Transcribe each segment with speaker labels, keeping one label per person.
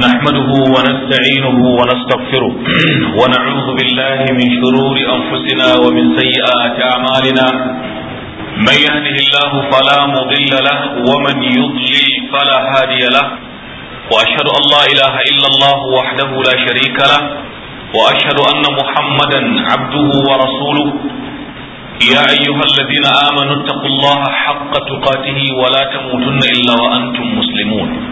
Speaker 1: نحمده ونستعينه ونستغفره ونعوذ بالله من شرور أنفسنا ومن سيئات أعمالنا من يهده الله فلا مضل له ومن يضلل فلا هادي له وأشهد أن لا إله إلا الله وحده لا شريك له وأشهد أن محمدا عبده ورسوله يا أيها الذين آمنوا اتقوا الله حق تقاته ولا تموتن إلا وأنتم مسلمون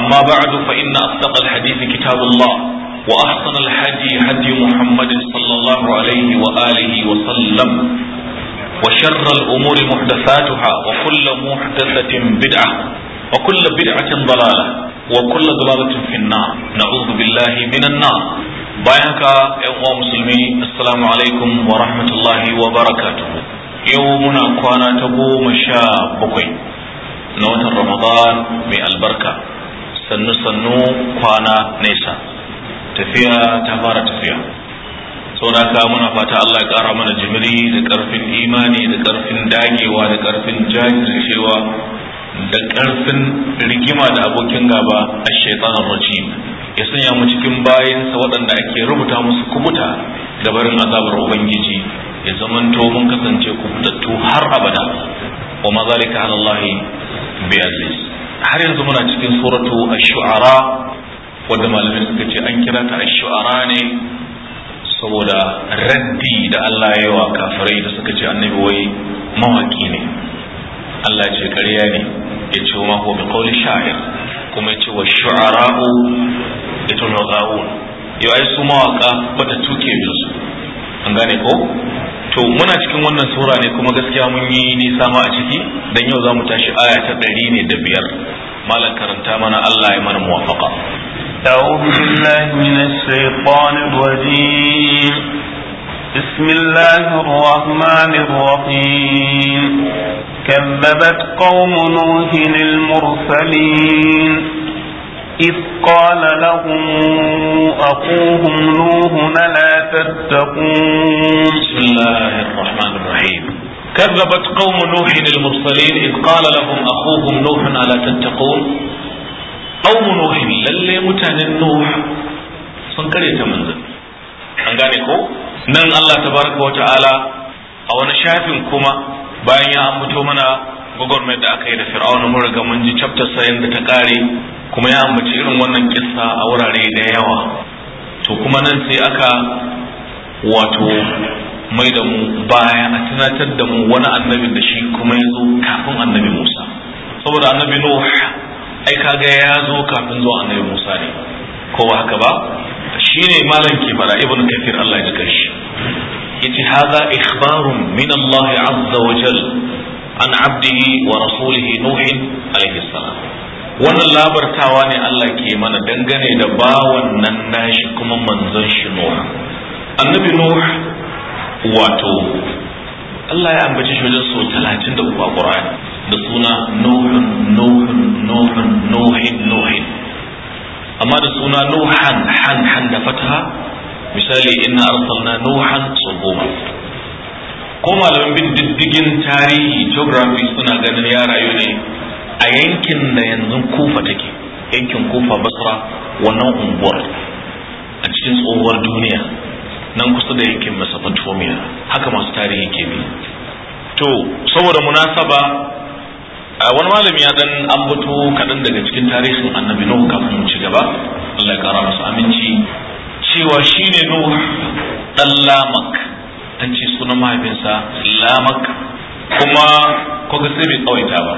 Speaker 1: أما بعد فإن أصدق الحديث كتاب الله وأحسن الهدي هدي محمد صلى الله عليه وآله وسلم وشر الأمور محدثاتها وكل محدثة بدعة وكل بدعة ضلالة وكل ضلالة في النار نعوذ بالله من النار بيانك يا مسلمي السلام عليكم ورحمة الله وبركاته يومنا كوانا تبوم شاب بكوي نوة رمضان بألبركة sannu sannu kwana nesa tafiya ta fara tafiya saboda muna fata Allah ya kara mana jimiri da karfin imani da karfin dagewa da ƙarfin jajircewa da karfin rigima da abokin gaba a shaitanar rajim ya sanya mu cikin bayansa waɗanda ake rubuta musu kubuta da barin azabar ubangiji ya zamanto mun kasance kubutattu har abada wa mazalika halallahi bi aziz har yanzu muna cikin suratu ash-shu'ara wadda malamai suka ce an kira ta ash-shu'ara ne saboda raddi da Allah ya wa kafirai da suka ce annabi wai mawaki ne Allah ce ƙarya ne ya ce ma huwa bi qawli sha'ir kuma ya ce wa shu'ara'u yatul ghaawun yau ai su mawaka bata tuke su an gane ko to muna cikin wannan sura ne kuma gaskiya mun yi nisa ma a ciki dan yau zamu tashi aya ta ɗari ne da biyar malam karanta mana Allah ya mana muwafaqa
Speaker 2: أعوذ بالله من الشيطان الرجيم بسم الله الرحمن الرحيم كذبت قوم نوح المرسلين إذ قال لهم أخوهم نوح لا تتقون بسم الله الرحمن الرحيم كذبت قوم نوح المرسلين إذ قال
Speaker 1: لهم أخوهم نوح ألا تتقون قوم نوح للي متان النوح سنكرية يتمنزل أنغانيكو نن الله تبارك وتعالى أو نشافي كما bayan ya ambato mana gwagwarmayar أكيد فرعون yi da fir'auna mun riga chapter sayan da kuma ya ambaci irin wannan kissa a wurare da yawa to kuma nan sai aka wato mai da mu baya a tunatar da mu wani annabin da shi kuma ya zo kafin annabi Musa saboda annabi Nuh ai kaga ya zo kafin zuwa annabi Musa ne ko ba haka ba shine malam ke fara ibn kafir Allah ya ji shi yace hadha ikhbarun min Allah azza wa jal an abdihi wa rasulihi Nuh alayhi salam wannan labartawa ne Allah ke mana dangane da bawan nan nashi kuma manzon shi Nuh annabi Nuh wato Allah ya ambaci shi wajen sau talatin da a Qur'ani da suna Nuhun Nuhun Nuhun Nuhin Nuhin amma da suna Nuhan han han da fataha misali inna arsalna Nuhan sau ko malaman bin diddigin tarihi geography suna ganin ya rayu ne a yankin da yanzu kufa take yankin kufa basra wannan unguwar a cikin tsohuwar duniya nan kusa da yankin mesopotamia haka masu tarihi ke bi to saboda munasaba wani malami ya dan ambato kaɗan daga cikin tarihin annabi nuhu kafin mu ci gaba Allah ya kara masa aminci cewa shine nuhu dan lamak an ce sunan mahaifinsa lamak kuma ko ga sai bai tsawaita ba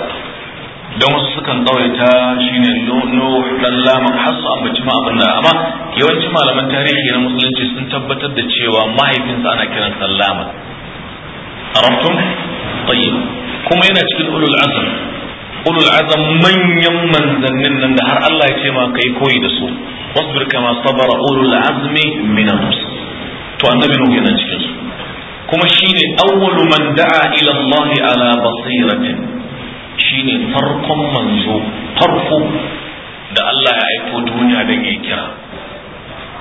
Speaker 1: don wasu sukan tsawaita shine nuh dan laman har su ambaci ma abin da amma yawancin malaman tarihi na musulunci sun tabbatar da cewa mahaifinsa ana kiran sallama arabtum tayyib kuma yana cikin ulul azm ulul azm manyan manzannin nan da har Allah ya ce ma kai koyi da su wasbir kama sabara ulul azmi min ar-rusul to annabi yana cikin su kuma shine awwalu man da'a ila Allah ala basiratin shine farkon manzo farko da Allah ya aiko duniya don ya kira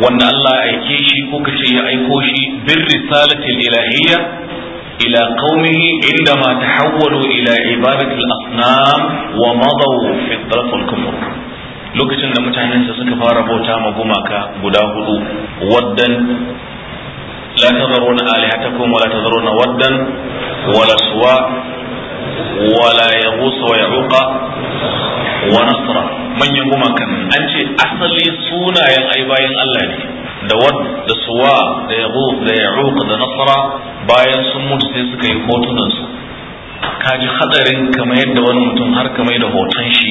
Speaker 1: wanda Allah ya aike shi ko ce ya aiko shi bir risalati ilahiyya ila qaumihi inda ma tahawwalu ila ibadati al-asnam wa madaw fi taraf al lokacin da mutanen sa suka fara bauta ma gumaka guda hudu waddan la tazaruna alihatakum wa la tazaruna waddan wa la suwa wala ya husa wa ya wa nasra manyan gumakan an ce asali sunayen ai bayan Allah ne da wad da suwa da ya da ya da bayan sun mutu sai suka yi hotunansu ka ji hadarin kamar yadda wani mutum har kamar da hoton shi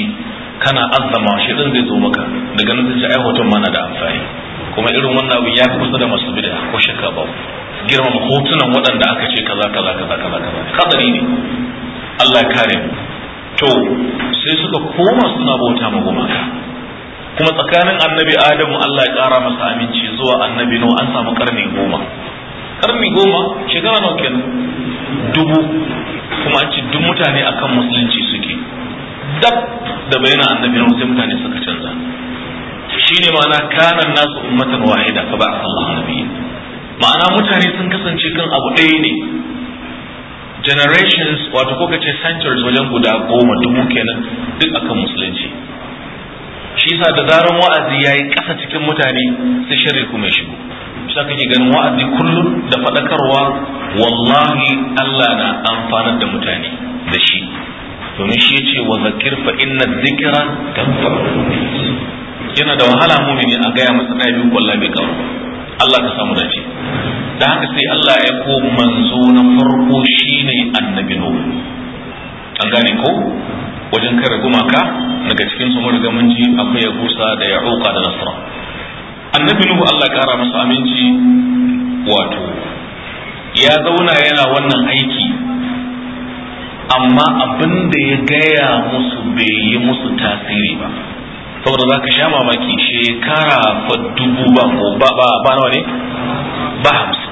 Speaker 1: kana azama shi din zai zo maka daga nan sai ai hoton mana da amfani kuma irin wannan abin ya kusa da masu bid'a ko shakka ba girmama hotunan waɗanda aka ce kaza kaza kaza kaza hadari ne Allah kare mu to sai suka koma suna bauta ma gumaka kuma tsakanin annabi adamu Allah ya kara masa aminci zuwa annabi no an samu karni goma karni goma shekara nawa kenan dubu kuma an ci duk mutane akan musulunci suke dab da bayanan annabi no sai mutane suka canza shine ma'ana kanan nasu ummatan wahida fa ba'a Allah nabiyyin ma'ana mutane sun kasance kan abu ɗaya ne generations wato ko kace centuries wajen guda goma dubu kenan duk akan musulunci shi yasa da zaran wa'azi ya yi kasa cikin mutane sai sharri kuma ya shigo shi kake ganin wa'azi kullum da faɗakarwa wallahi Allah na amfanar da mutane
Speaker 3: da shi domin shi
Speaker 1: yace wa zakir fa inna dhikra tanfa yana da wahala ne a gaya ya mutsaya biyu kullabi bai Allah ka samu dace da haka sai Allah ya ko manzo na farko shine annabi nuhu an gane ko wajen kare gumaka daga cikin su mun riga mun ji akwai Yahusa da Ya'uqa da Nasra annabi nuhu Allah ya kara masa aminci wato ya zauna yana wannan aiki amma abin da ya gaya musu bai yi musu tasiri ba saboda za ka sha mamaki shekara fa dubu ba ko ba ba ba nawa ne ba hamsin kan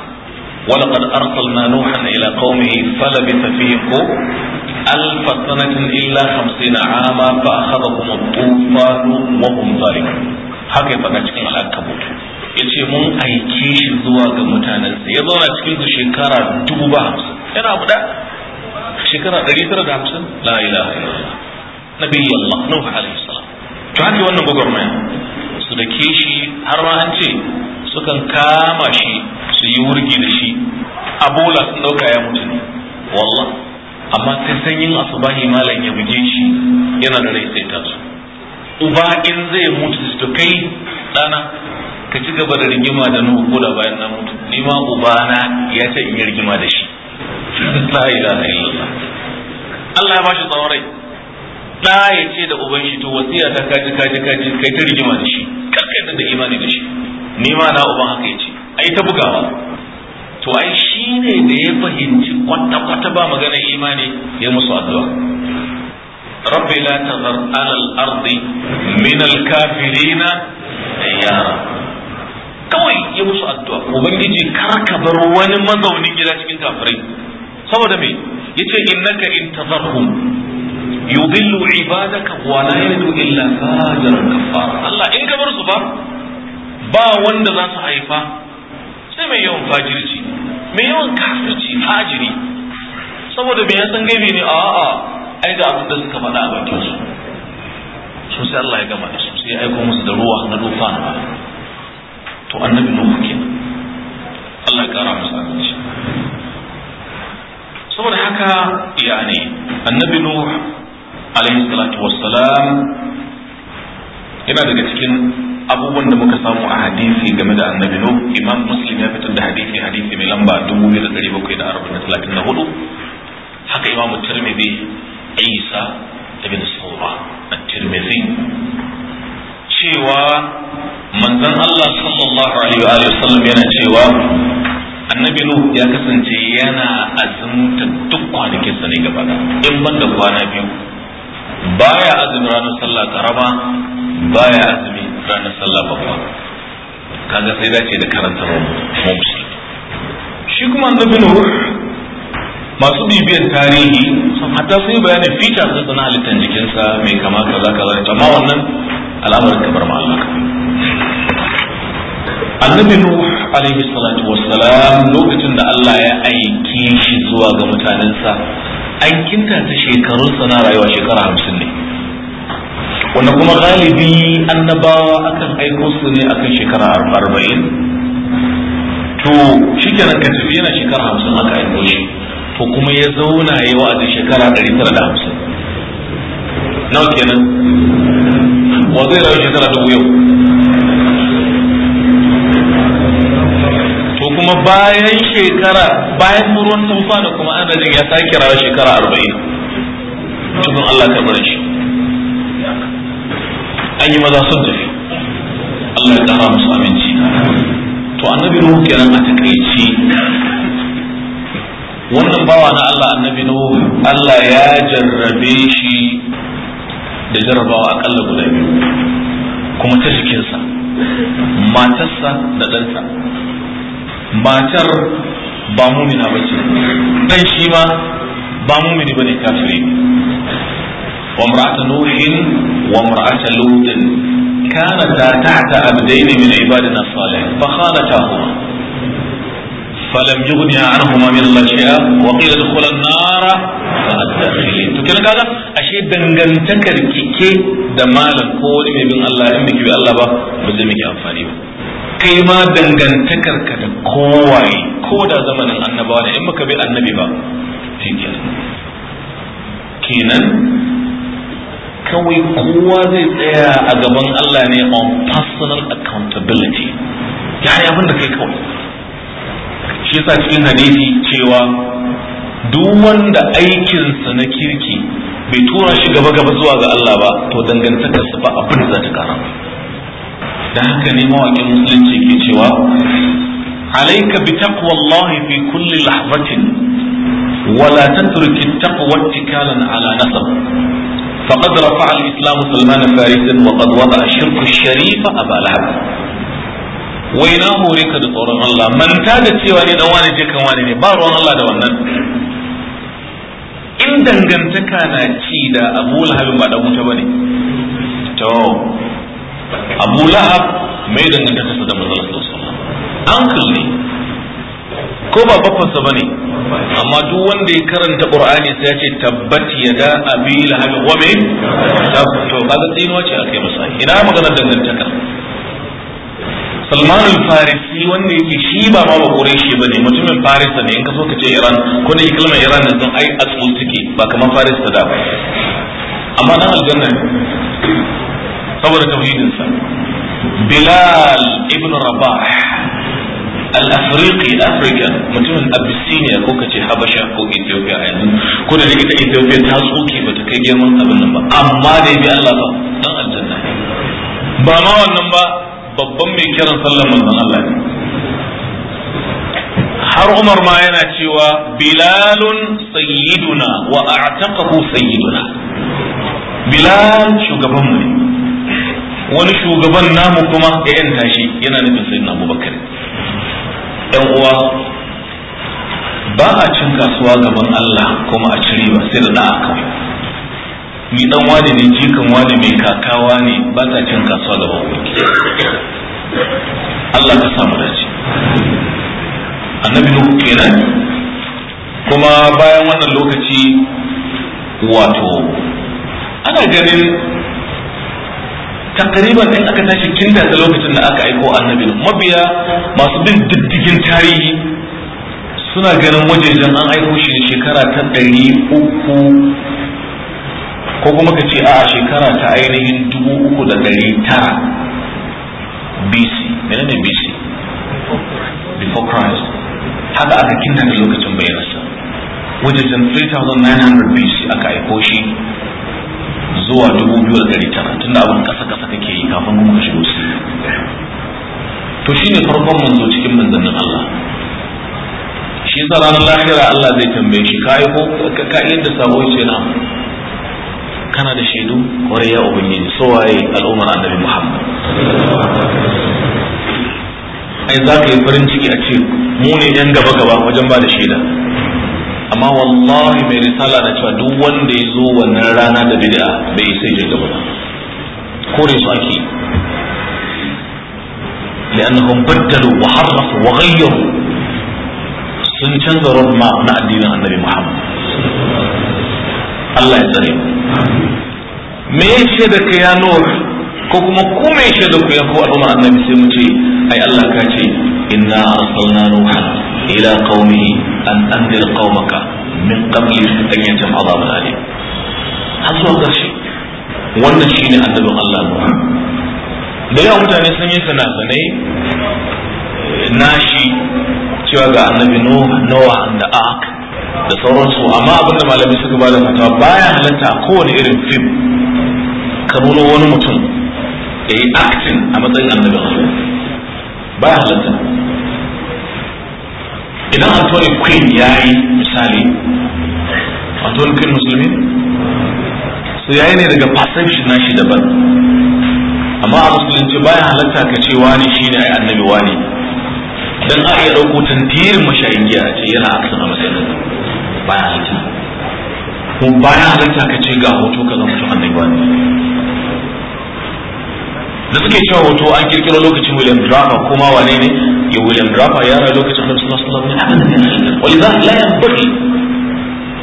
Speaker 1: ولقد أرسلنا نوحا إلى قومه فلبث فيهم ألف سنة إلا خمسين عاما فأخذهم الطوفان وهم ظالمون haka ya faɗa cikin al'akabut ya ce mun aike shi zuwa ga mutanen mutanensa ya zauna cikin su shekara dubu ba hamsin yana abu shekara ɗari tara da hamsin la ilaha illallah nabi Allah Nuhu alaihi salam to haka wannan gwagwarmaya su da ke shi har ma an ce sukan kama shi su yi wurgi da shi a bola sun dauka ya mutu ne wallah amma sai sanyin asubahi malam ya buge shi yana da rai sai tasu uba in zai mutu to kai dana ka ci gaba da rigima da nuhu ko da bayan na mutu ni ma ubana ya ce in yi rigima da shi la ilaha illallah Allah ya bashi tsawon rai da ya ce da uban to wasiya ta kaji kaji kaji kai ta rigima da shi kakkai da imani da shi ni ma na uban haka yace ai ta bugawa to ai shine da ya fahimci kwata kwata ba magana imani ya musu addu'a rabbi la tazar ala al ard min al-kafirina yara kawai ya musu addu'a ubangiji kar
Speaker 3: ka bar wani
Speaker 2: mazaunin
Speaker 1: gida cikin kafirai saboda me yace innaka in yudillu ibadaka wa la yadu illa fajiran kafara Allah in ka bar su ba ba wanda za su haifa sai mai yawan fajirci mai yawan kafirci fajiri saboda bai san gaibi ne a a ai ga abin da suka faɗa a bakin su so sai Allah ya gama da su sai ya aiko musu da ruwa na dufa to annabi nuhu kenan Allah ya kara musu aminci saboda haka ne annabi nuhu alaihi salatu wassalam yana daga cikin abubuwan da muka samu a hadisi game da annabi no imam muslim ya fitar da hadisi hadisi mai lamba 2734 haka imam tirmidhi isa ibn saura at-tirmidhi cewa manzon Allah sallallahu alaihi wa sallam yana cewa annabi nu ya kasance yana azumta duk kwanakin sa ne gaba in banda kwana biyu baya azumi ranar sallah karama baya azumi ranar sallah babba kaga sai dace da karanta mu
Speaker 2: shi kuma an zabi
Speaker 1: masu bibiyar tarihi sun hatta sai bayani fita sun halittar jikinsa mai kama kaza kaza ta amma wannan al'amarin kamar ma annabi nuh alaihi salatu wassalam lokacin da Allah ya aiki shi zuwa ga mutanensa an kintanta shekarun na rayuwa shekara hamsin ne wanda kuma galibi annabawa akan aiko su ne akan shekara arba'in to shi ke ka tafi yana shekara hamsin aka aiko shi to kuma ya zauna ya yi wa'azin shekara ɗari tara da hamsin nawa kenan wa zai rayu shekara dubu yau kuma bayan shekara bayan muruwan tufa da kuma ana jin ya sake rawa shekara arba'in cikin Allah ta bar shi an yi maza sun tafi Allah ya kara musu aminci to annabi nuhu kenan a takaici wannan bawa na Allah annabi nuhu Allah ya jarrabe shi da jarrabawa akalla guda biyu kuma ta jikinsa matarsa da ɗansa matar ba mumina ba ce dan shi ma ba mumini bane kafiri wa mar'atu nuhin wa mar'ata lutin kanata tahta abdaini min ibadina salih fa فلم يغني عنهما من الله شيئا وقيل ادخل النار فالداخلين to kenan kaga ashe dangantakar kike da malam ko wani Allah in biki bi Allah ba amfani ba kai ma dangantakar ka da kowaye ko da zamanin annabawa da in baka bai annabi ba kenan kawai kowa zai tsaya a gaban Allah ne on personal accountability ya yi abin da kai kawai shi yasa cikin hadisi cewa duk wanda aikinsa na kirki bai tura shi gaba gaba zuwa ga Allah ba to dangantakarsa ba abin da za ta kara da haka ne mawaƙin musulunci ke cewa Alayka bi taqwallahi fi kulli lahzatin ولا تترك التقوى اتكالا على نسب فقد رفع الإسلام سلمان فارسا وقد وضع الشرك الشريف أبا لهب waina hore ka da tsoron Allah ta da cewa ne dan wani je kan wani ne ba ruwan Allah da wannan in dangantaka na ci da Abu Lahab ba da mutu ne?" to abu lahab mai dangantaka su da manzon sallallahu uncle ne ko ba ba ne. amma duk wanda ya karanta qur'ani sai ya ce tabbat yada abi lahab wa min to kaga tsinuwa ce akai masa ina maganar dangantaka Salman al-Farisi wanda yake shi ba ma bakure shi bane mutumin Faris ne in ka so ka ce Iran ko da kalmar Iran nan sun ai asul suke ba kamar Faris ta da ba amma na aljanna saboda tauhidin bilal ibn rabah al-afriqi africa mutumin abyssinia ko kace habasha ko ethiopia a yanzu ko da ita ethiopia ta tsoke ta kai girman abin nan ba amma da bi Allah ba dan aljanna ba ma wannan ba babban mai kiran sallar manzon Allah ne har Umar ma yana cewa bilalun sayyiduna wa a'taqahu sayyiduna bilal shugabanmu ne wani shugaban namu kuma ya yan tashi yana nufin namu abubakar yan uwa ba a cin kasuwa gaban Allah kuma a ci ba sai da da'a kawai ni dan wani ne jikan wani mai kakawa ne ba ta cin kasuwa gaban wani Allah ka samu dace annabi nuhu kenan kuma bayan wannan lokaci wato ana ganin takriban in aka tashi kinta da lokacin da aka aiko annabi mabiya masu bin diddigin tarihi suna ganin wajejen an aiko shi shekara ta ɗari uku ko kuma ka ce a shekara ta ainihin dubu uku da ɗari tara BC menene BC before Christ haka aka kinta da lokacin bayanarsa wajejen 3900 BC aka aiko shi zuwa dubu biyu da ɗari tara tun da abin kasa kasa kake yi kafin kuma ka shigo su to shi ne farkon manzo cikin manzannin Allah shi yasa ranar lahira Allah zai tambaye shi ka ko ka yadda sabo ce na kana da shaidu kwarai ya ubangiji waye al'ummar annabi Muhammad ai za ka yi farin ciki a ce mu ne yan gaba gaba wajen ba da shaida amma wallahi mai risala na cewa duk wanda ya zo wannan rana da bid'a bai sai je gaba kore su ake لأنهم بدلوا وحرفوا وغيروا sun canza rumma na addinin annabi Muhammad Allah ya tsare me ya ce da ka ko kuma ku me ya ce da ku annabi sai mu ce ai Allah ka ce inna ila qaumihi an anzir qaumaka min qabli an yatim azab alim
Speaker 3: har zuwa karshe
Speaker 1: wannan shine annabin Allah da yawa mutane sun yi na nashi cewa ga annabi Noah da Ark da sauransu amma abinda malamai suka ba bada fatawa baya halatta kowane irin fim ka nuna wani mutum da yi acting a matsayin annabin Allah baya halatta idan antoni queen ya yi misali antoni queen musulmi so ya yi ne daga perception na shi daban amma a musulunci bayan halatta ka ce wani shi ne ai annabi wani dan a iya ɗauko tantirin mashayin giya ce yana a kasan a bayan halatta ko bayan halatta ka ce ga hoto ka zama mutum annabi wani da suke cewa hoto an kirkiro lokacin William Draper kuma wane ne ya William Draper ya rayu lokacin Annabi sallallahu alaihi wasallam wani za la yanbaghi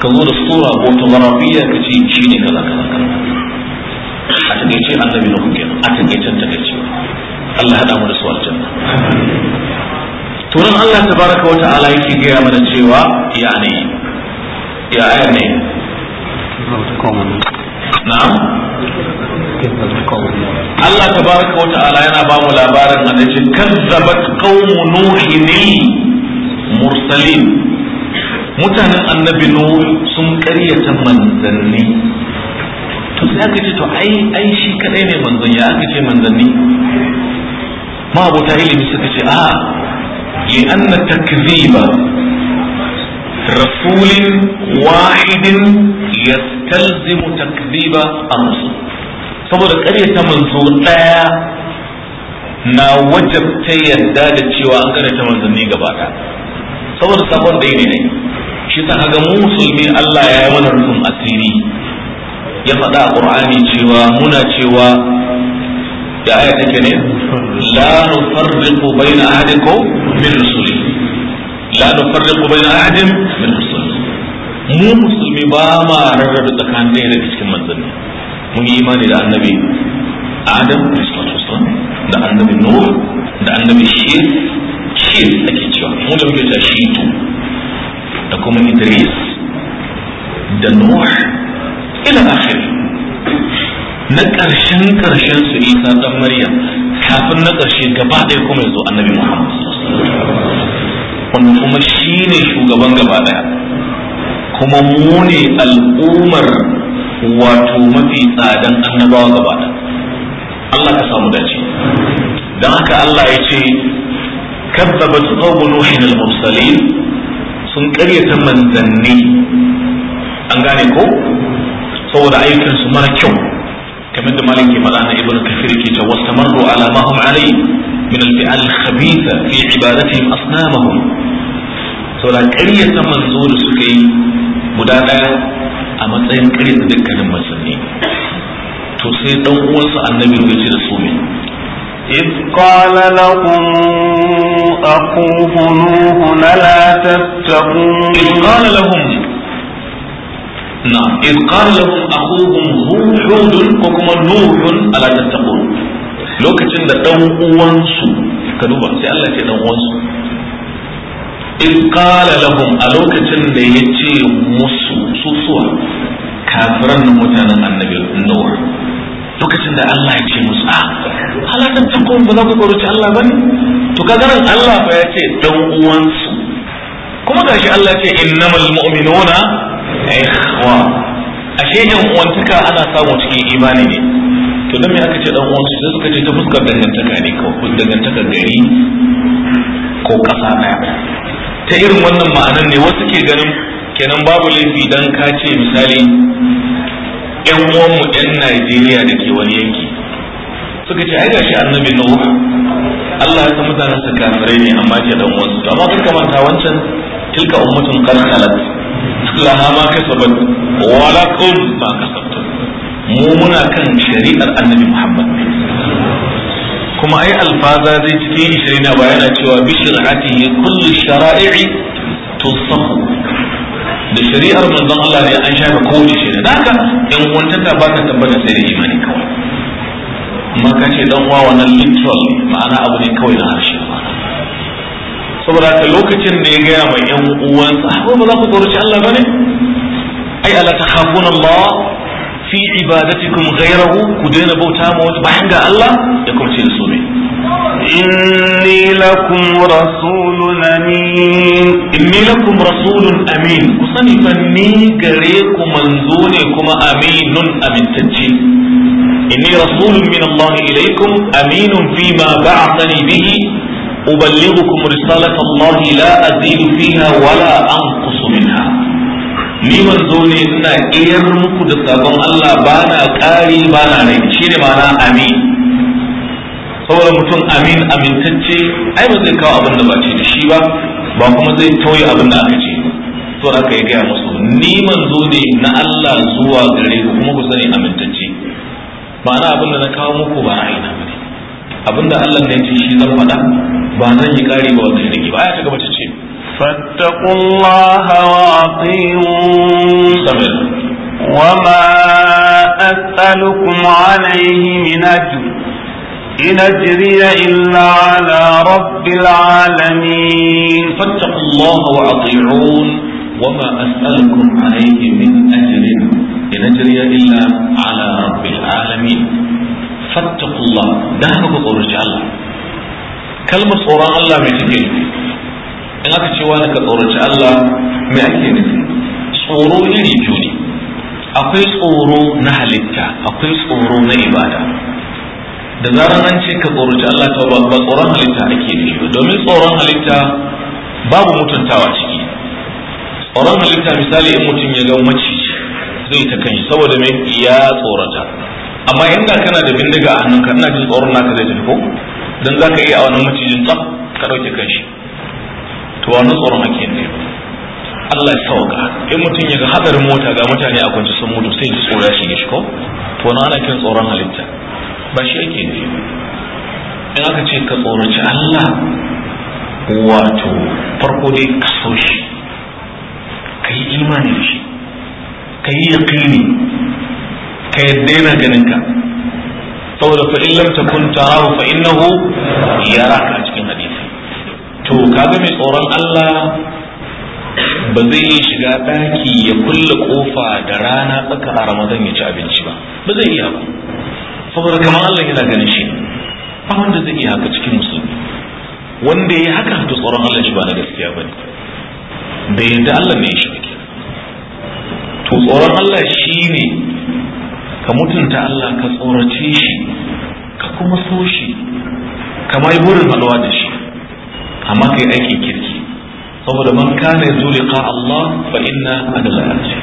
Speaker 1: ka zo da sura ko tawarafiya ka ce shine kaza kaza kaza a takeice annabi na kuke a takeicen takeice Allah hada mu da su aljanna to nan Allah tabaraka wa ta'ala yake gaya mana cewa ya ne ya ne
Speaker 3: na'am Allah
Speaker 1: tabaraka wa ta'ala yana ba mu labarin annabi kazzabat qaumu nuhin mursalin mutanen annabi nuh sun ƙaryata manzanni to sai aka ce to ai ai shi kadai ne manzon ya aka ce manzanni ma abota ilimi suka ce a li anna takziba rasulin wahidin yastalzimu takziba a musu. saboda ta manzo ɗaya na wajabta yadda da cewa an ƙaryata manzanni gaba ɗaya saboda sabon da ne ne shi ta haga musulmi Allah ya yi mana rufin asiri ya faɗa a ƙur'ani cewa muna cewa da aya take ne la nufarriqu baina ahadikum min rusuli la nufarriqu baina ahadin min rusuli mu musulmi ba ma rarrabe tsakanin daga cikin manzanni mun yi imani da annabi adam da annabi nuh da annabi shir shir ake cewa mu da muke ta shitu da kuma idris da nuh ila akhir na ƙarshen ƙarshen su isa dan maryam kafin na ƙarshe gaba ɗaya kuma yanzu annabi muhammad wannan kuma shine shugaban gaba ɗaya kuma mu ne al'ummar wato mafi tsadan annabawa gaba da Allah ka samu dace dan haka Allah ya ce kazzabat qawmu nuhin al-mursalin sun karyata manzanni an gane ko saboda ayyukan su mara kyau kamar da malam ke malana ibnu kafir ke ta wastamarru ala ma hum alayhi min al-fi'al khabitha fi ibadatihim asnamahum saboda karyata manzo da suka yi guda daya a matsayin ƙaryata dukkanin musulmi to sai dan uwansa annabi ya ce da su ne
Speaker 2: إذ قال لهم أخوه نوح لا تتقون إذ قال لهم نعم إذ قال لهم أخوهم
Speaker 1: هود وكما نوح ألا تتقون لو كتن دون أوانسو كدوبا سي الله ce دون uwansu. in kala lahum a lokacin da ya ce musu susuwa kafiran nan mutanen annabi nuwa lokacin da Allah ya ce musu a
Speaker 2: halatan tukun ba za ku kwaruci Allah ne to kagaran
Speaker 1: Allah ba ya ce dan uwansu
Speaker 2: kuma gashi Allah ya ce
Speaker 1: innamal mu'minuna ikhwa ashe yan uwantaka ana samu cikin imani ne to dan me aka ce dan uwansu sai suka ce ta fuskar dangantaka ne ko dangantaka gari ko kasa daya ta irin wannan ma'anar ne wasu ke ganin kenan babu laifi dan ka ce misali yan uwanmu yan Najeriya da ke wani yanki suka ce ai gashi annabi Nuh Allah ya san mutanen sa kafirai ne amma ke dan uwansu to amma kan kamanta wancan tilka ummatun qad khalat laha ma kasabat wa lakum ma kasabtum mu muna kan shari'ar annabi Muhammad kuma ai alfaza zai cikin ishirin na bayana cewa bishir atihi kullu shara'i'i tusahu da shari'ar manzon Allah ne an shafe kowace shari'a da haka in ta ba ka tabbata sai da imani kawai amma kace dan uwa wannan literal ma'ana abu ne kawai na harshe saboda ka lokacin da ya gaya ma yan uwansa ba za ku tsoraci Allah bane ai ala takhafuna Allah fi ibadatikum
Speaker 2: ghayrahu ku daina bauta ma wata bayan ga Allah ya kuma ce da su ne inni lakum rasulun amin
Speaker 1: inni lakum rasulun amin ku sani fa ni gare ku manzo ne kuma aminun amintacce inni rasulun min Allah ilaykum aminun fima ba'athani bihi أبلغكم رسالة الله لا أزيد فيها ولا أنقص منها ni manzo ne ina ƙiyar muku da sabon Allah ba na ƙari ba na rai shi ne ma na amin saboda mutum amin amintacce ai ba zai kawo abin da ba ce da shi ba ba kuma zai tauye abin da aka ce to aka yi gaya musu ni manzo ne na Allah zuwa gare ku kuma ku sani amintacce ma'ana abin da na kawo muku ba ra'ayina ba ne abin da Allah ne ya ce shi zan faɗa ba zan yi kari ba wanda ya rage ba ya ta gaba ce
Speaker 2: فاتقوا الله وأطيعون وما أسألكم عليه من أجر إن أجري إلا على رب العالمين فاتقوا الله وأطيعون
Speaker 1: وما أسألكم عليه من أجر إن أجري إلا على رب العالمين فاتقوا الله ده هو قول الله كلمة صورة الله بتجيب in aka cewa wani ka tsoraci Allah me ake nufi tsoro iri biyu ne akwai tsoro na halitta akwai tsoro na ibada da zarar an ce ka tsoraci Allah ta ba tsoron halitta ake nufi domin tsoron halitta babu mutuntawa ciki tsoron halitta misali in mutum ya ga maciji zai ta kan saboda mai ya tsorata amma inda kana da bindiga a hannunka ina jin tsoron naka zai tafi ko dan zaka iya a wannan macijin tsaf ka dauke kanshi to wani tsoron ake ne Allah ya sauka in mutum ya ga hadarin mota ga mutane a kwance sun mutu sai ji tsoro ya shige shi ko to wani ana kin tsoron halitta ba shi yake ne in aka ce ka tsoraci Allah wato farko dai ka so shi ka yi imani da shi ka yi yaƙini ka yadda yana ganin ka saboda fa in lam takun tarahu fa innahu yaraka a cikin to kaga mai tsoron Allah ba zai yi shiga ɗaki ya kulle kofa da rana tsaka a ramadan ya ci abinci ba ba zai iya ba saboda kamar Allah yana ganin shi ba wanda zai iya haka cikin musulmi wanda ya haka to tsoron Allah shi ba na gaskiya bane da yadda Allah ne shi ke to tsoron Allah shi ne, ka mutunta Allah ka tsorace shi ka kuma so shi ka mai burin halwa da shi amma kai aikin kirki saboda man kana yarju liqa Allah fa inna adla ajr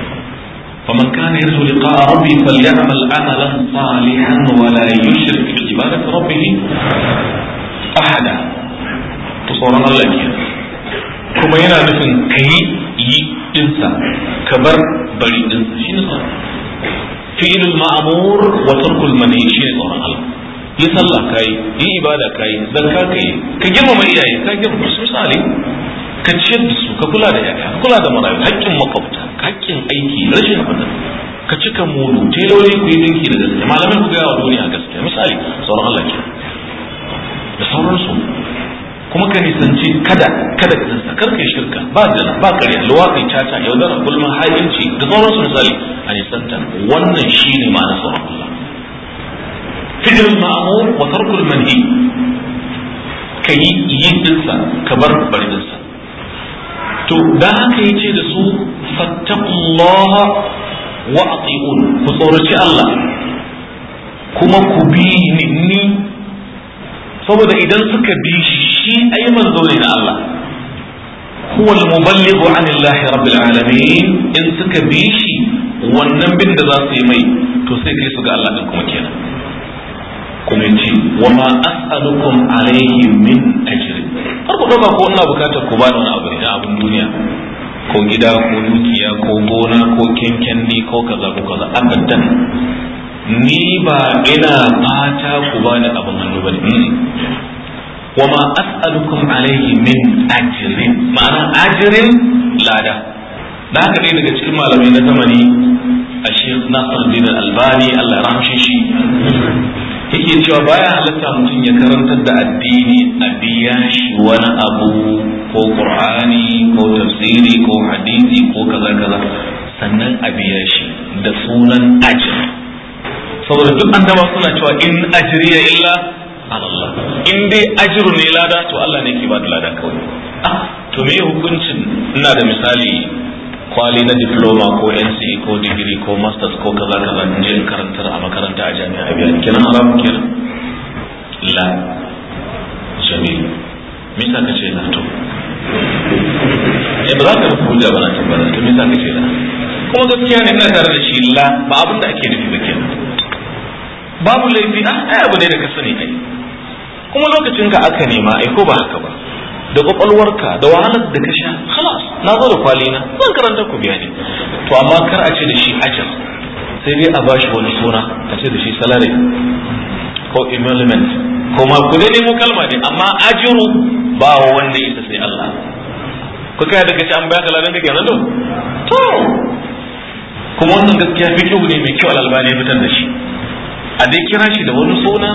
Speaker 1: faman kana yarju liqa rabbi falyamal amalan salihan wa la yushrik bi ibadati rabbih ahada to sauran Allah ne kuma yana nufin kai yi dinsa ka bar bari dinsa shine sauran fi'lul Allah yi sallah kai yi ibada kai zakka kai ka girmama iyaye ka girmama su sale ka ciyar da su ka kula da yaya ka kula da marayu haƙƙin makwabta haƙƙin aiki rashin abada ka cika mudu teloli ku yi dinki da gaske malamin ku gaya wa duniya gaske misali sauran Allah ke da sauransu kuma ka nisanci kada kada ka kar karka yi shirka ba zina ba karya luwaɗi caca yaudara gulma ha'inci da sauransu misali a nisanta wannan shi ne ma'anar sauran Allah fi'il ma'mur wa tarkul manhi kai yin dinsa ka bar barinsa to da haka yace da su fattaqullaha wa ati'un ku tsoraci Allah kuma ku bi ni saboda idan suka bi shi shi ai manzo ne na Allah huwa al-muballigh an Allah rabbil alamin in suka bi shi wannan bin da za su yi mai to sai kai su ga Allah din kuma kenan kuma ci wa ma as'alukum alaihi min ajri har ku dauka ko ina bukatar ku bani wani abu da abin duniya ko gida ko dukiya ko gona ko ni ko kaza ko kaza abadan ni ba ina fata ku bani abin hannu bane wa ma as'alukum alaihi min ajrin ma'ana ajrin lada da haka dai daga cikin malamai na zamani a Sheikh Nasruddin Albani Allah ya rahmshe shi yake cewa baya halatta mutum ya karantar da addini a biya shi wani abu ko qur'ani ko tafsiri ko hadisi ko kaza kaza sannan a biya shi da sunan ajr saboda duk annaba suna cewa in ya illa Allah
Speaker 2: in dai ajru ne
Speaker 1: lada to Allah ne ke ba da lada kawai ah, to me hukuncin ina da misali kwali na diploma ko NCE ko digiri ko masters ko kaza kaza je karantar a makaranta a jami'a biya kenan haram kenan la jami'a misa ka ce na to eh ba za ka rufe hujja ba ta tabbata to misa ka ce na kuma gaskiya ne ina tare da shi la ba abin da ake nufi ba kenan babu laifi a ah, ai abu ne da ka sani kai kuma lokacin ka aka nema ai ko ba haka ba da kwakwalwarka da wahalar da ka sha halas na zo da kwalina zan karanta ku biya ne to amma kar a ce da shi ajar sai dai a bashi wani suna a ce da shi salari ko emolument ko ma ku dai nemo kalma ne amma ajiru ba wa wanda ita sai Allah ku kai daga an baya kalalan da kenan to to kuma wannan gaskiya fiqhu ne mai kyau al-albani ya fitar da shi a dai kira shi da wani suna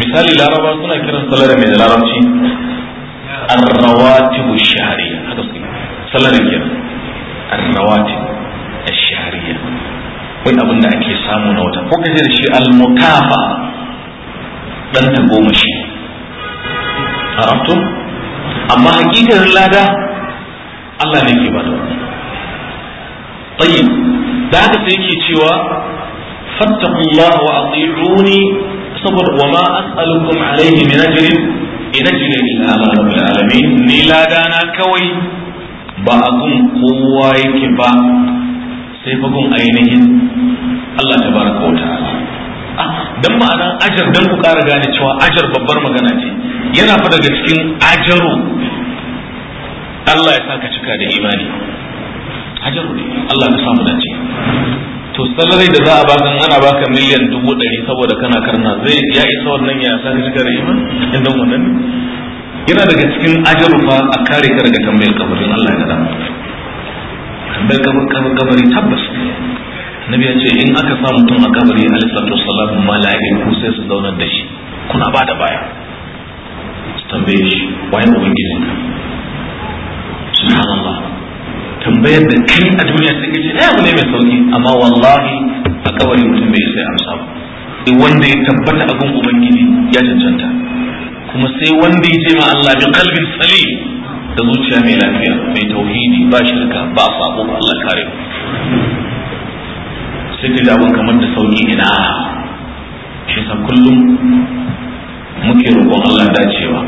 Speaker 1: misali laraba suna kiran salari mai da larabci الرواتب الشهرية هذا صحيح صلى الله الرواتب الشهرية وين أبن أكي سامونا وتا وكذلك الشيء المكافأة لن تقوم شيء عرفتم أما حقيقة اللادة الله نيكي بعد طيب da haka sai yake cewa fattakullah wa ati'uni saboda wa ma as'alukum alayhi min ajrin ina jire ni na Allah rabbul alamin ni ladana kawai ba abun kowa yake ba sai fa gun ainihin Allah tabaraka wa ta'ala ah, dan ma'anan ajar dan ku ƙara gane cewa ajar babbar magana ce yana fa daga cikin ajaru Allah ya saka cika da imani ajaru ne Allah ya samu ce. to salari da za a baka ana baka miliyan dubu ɗari saboda kana karna zai ya isa wannan ya sa ka shiga da iman inda wannan yana daga cikin ajarufa a kare ka daga tambayar kabarin Allah ya dama tambayar kabar kabari tabbas nabi ya ce in aka sa mutum a kabari alaihi salatu wassalam mala'iku sai su zaunar da shi kuna ba da baya su tambaye shi wayan ubangiji subhanallah tambayar da kai a duniya sai ka ce ai eh, abu ne mai sauki amma wallahi a kawai mutum bai sai amsa ba wanda ya tabbata a gun ubangiji ya cancanta kuma sai wanda ya ce ma Allah bi qalbin salim da zuciya mai lafiya mai tauhidi ba shirka ba sabo ba Allah kare sai ka abin kamar da sauki ina shi sa kullum muke roƙon Allah dacewa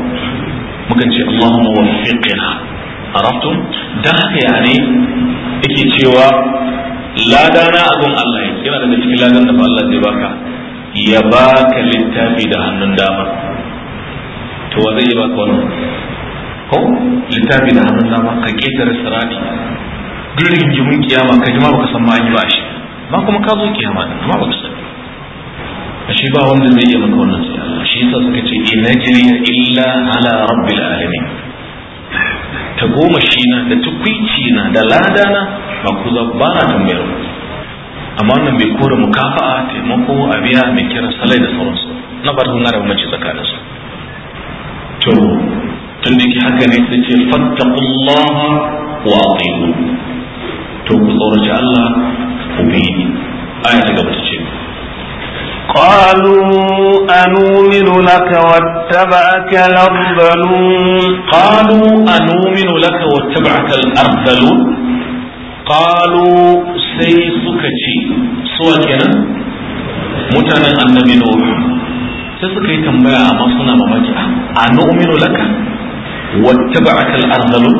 Speaker 1: mukan ce Allahumma waffiqna arabtum dan haka yani yake cewa lada ladana abun Allah yake yana daga cikin ladan da Allah zai baka ya baka littafi da hannun dama to wa zai baka wannan ko littafi da hannun dama ka ketare sirati dirin jimin kiyama ka ji ma baka san ma yi ba shi ma kuma ka zo kiyama da ma baka san shi ba wanda zai yi maka wannan sai Allah shi yasa suka ce in najriya illa ala rabbil alamin ta goma shi na da tukwici na da lada na ba ku za ba na tambayar ku amma wannan bai kore mukafa'a taimako a biya mai kira salai da sauransu na ba kun gara mace tsakanin su to tun da ke haka ne sai ce fattaqullaha wa to ku tsoraci Allah ku bi ni gaba ta
Speaker 2: قالوا أنؤمن لك واتبعك الأرذلون قالوا أنؤمن لك واتبعك الأرذلون
Speaker 1: قالوا سيسكتي سوى كنا متنا النبي نوح sai suka yi tambaya amma suna mamaki a nu'minu laka wattaba'aka al-ardhalun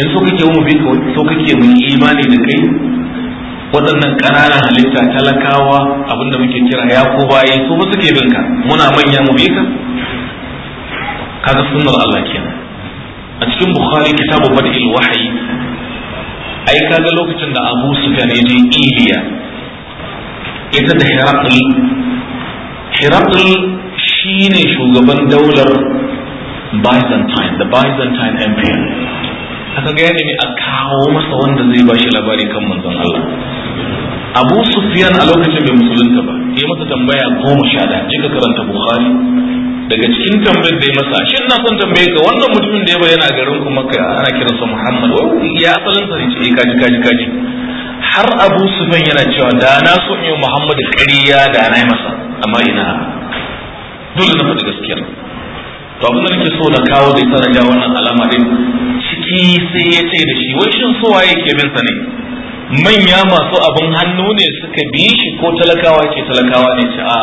Speaker 1: in so kake mu bi so kake mu imani da kai waɗannan ƙananan halitta talakawa abinda muke kira ya ko bayi su ba suke binka muna manya mu bi ka kaga sunnar Allah kenan a cikin bukhari kitabu bad'il wahyi ai kaga lokacin da Abu Sufyan ya je Iliya ita da Herakl Herakl shine shugaban daular Byzantine the Byzantine Empire aka ga ya nemi a kawo masa wanda zai ba shi labari kan manzon Allah abu sufyan a lokacin bai musulunta ba ya masa tambaya goma sha da jika karanta bukhari daga cikin tambayar da ya masa shin na son tambaye ka wannan mutumin da ya bayyana garin ku maka ana sa muhammad ya asalin sa ne ce eh, kaji kaji kaji har abu sufyan yana cewa da na so in yi muhammad kariya da na yi masa amma ina dole na faɗi gaskiya to abin da nake so na kawo da ita na ja wannan alama din ciki sai ya ce da shi wai shin so waye ke min sa ne manya masu abin hannu ne suka bi shi ko talakawa ke talakawa ne ce a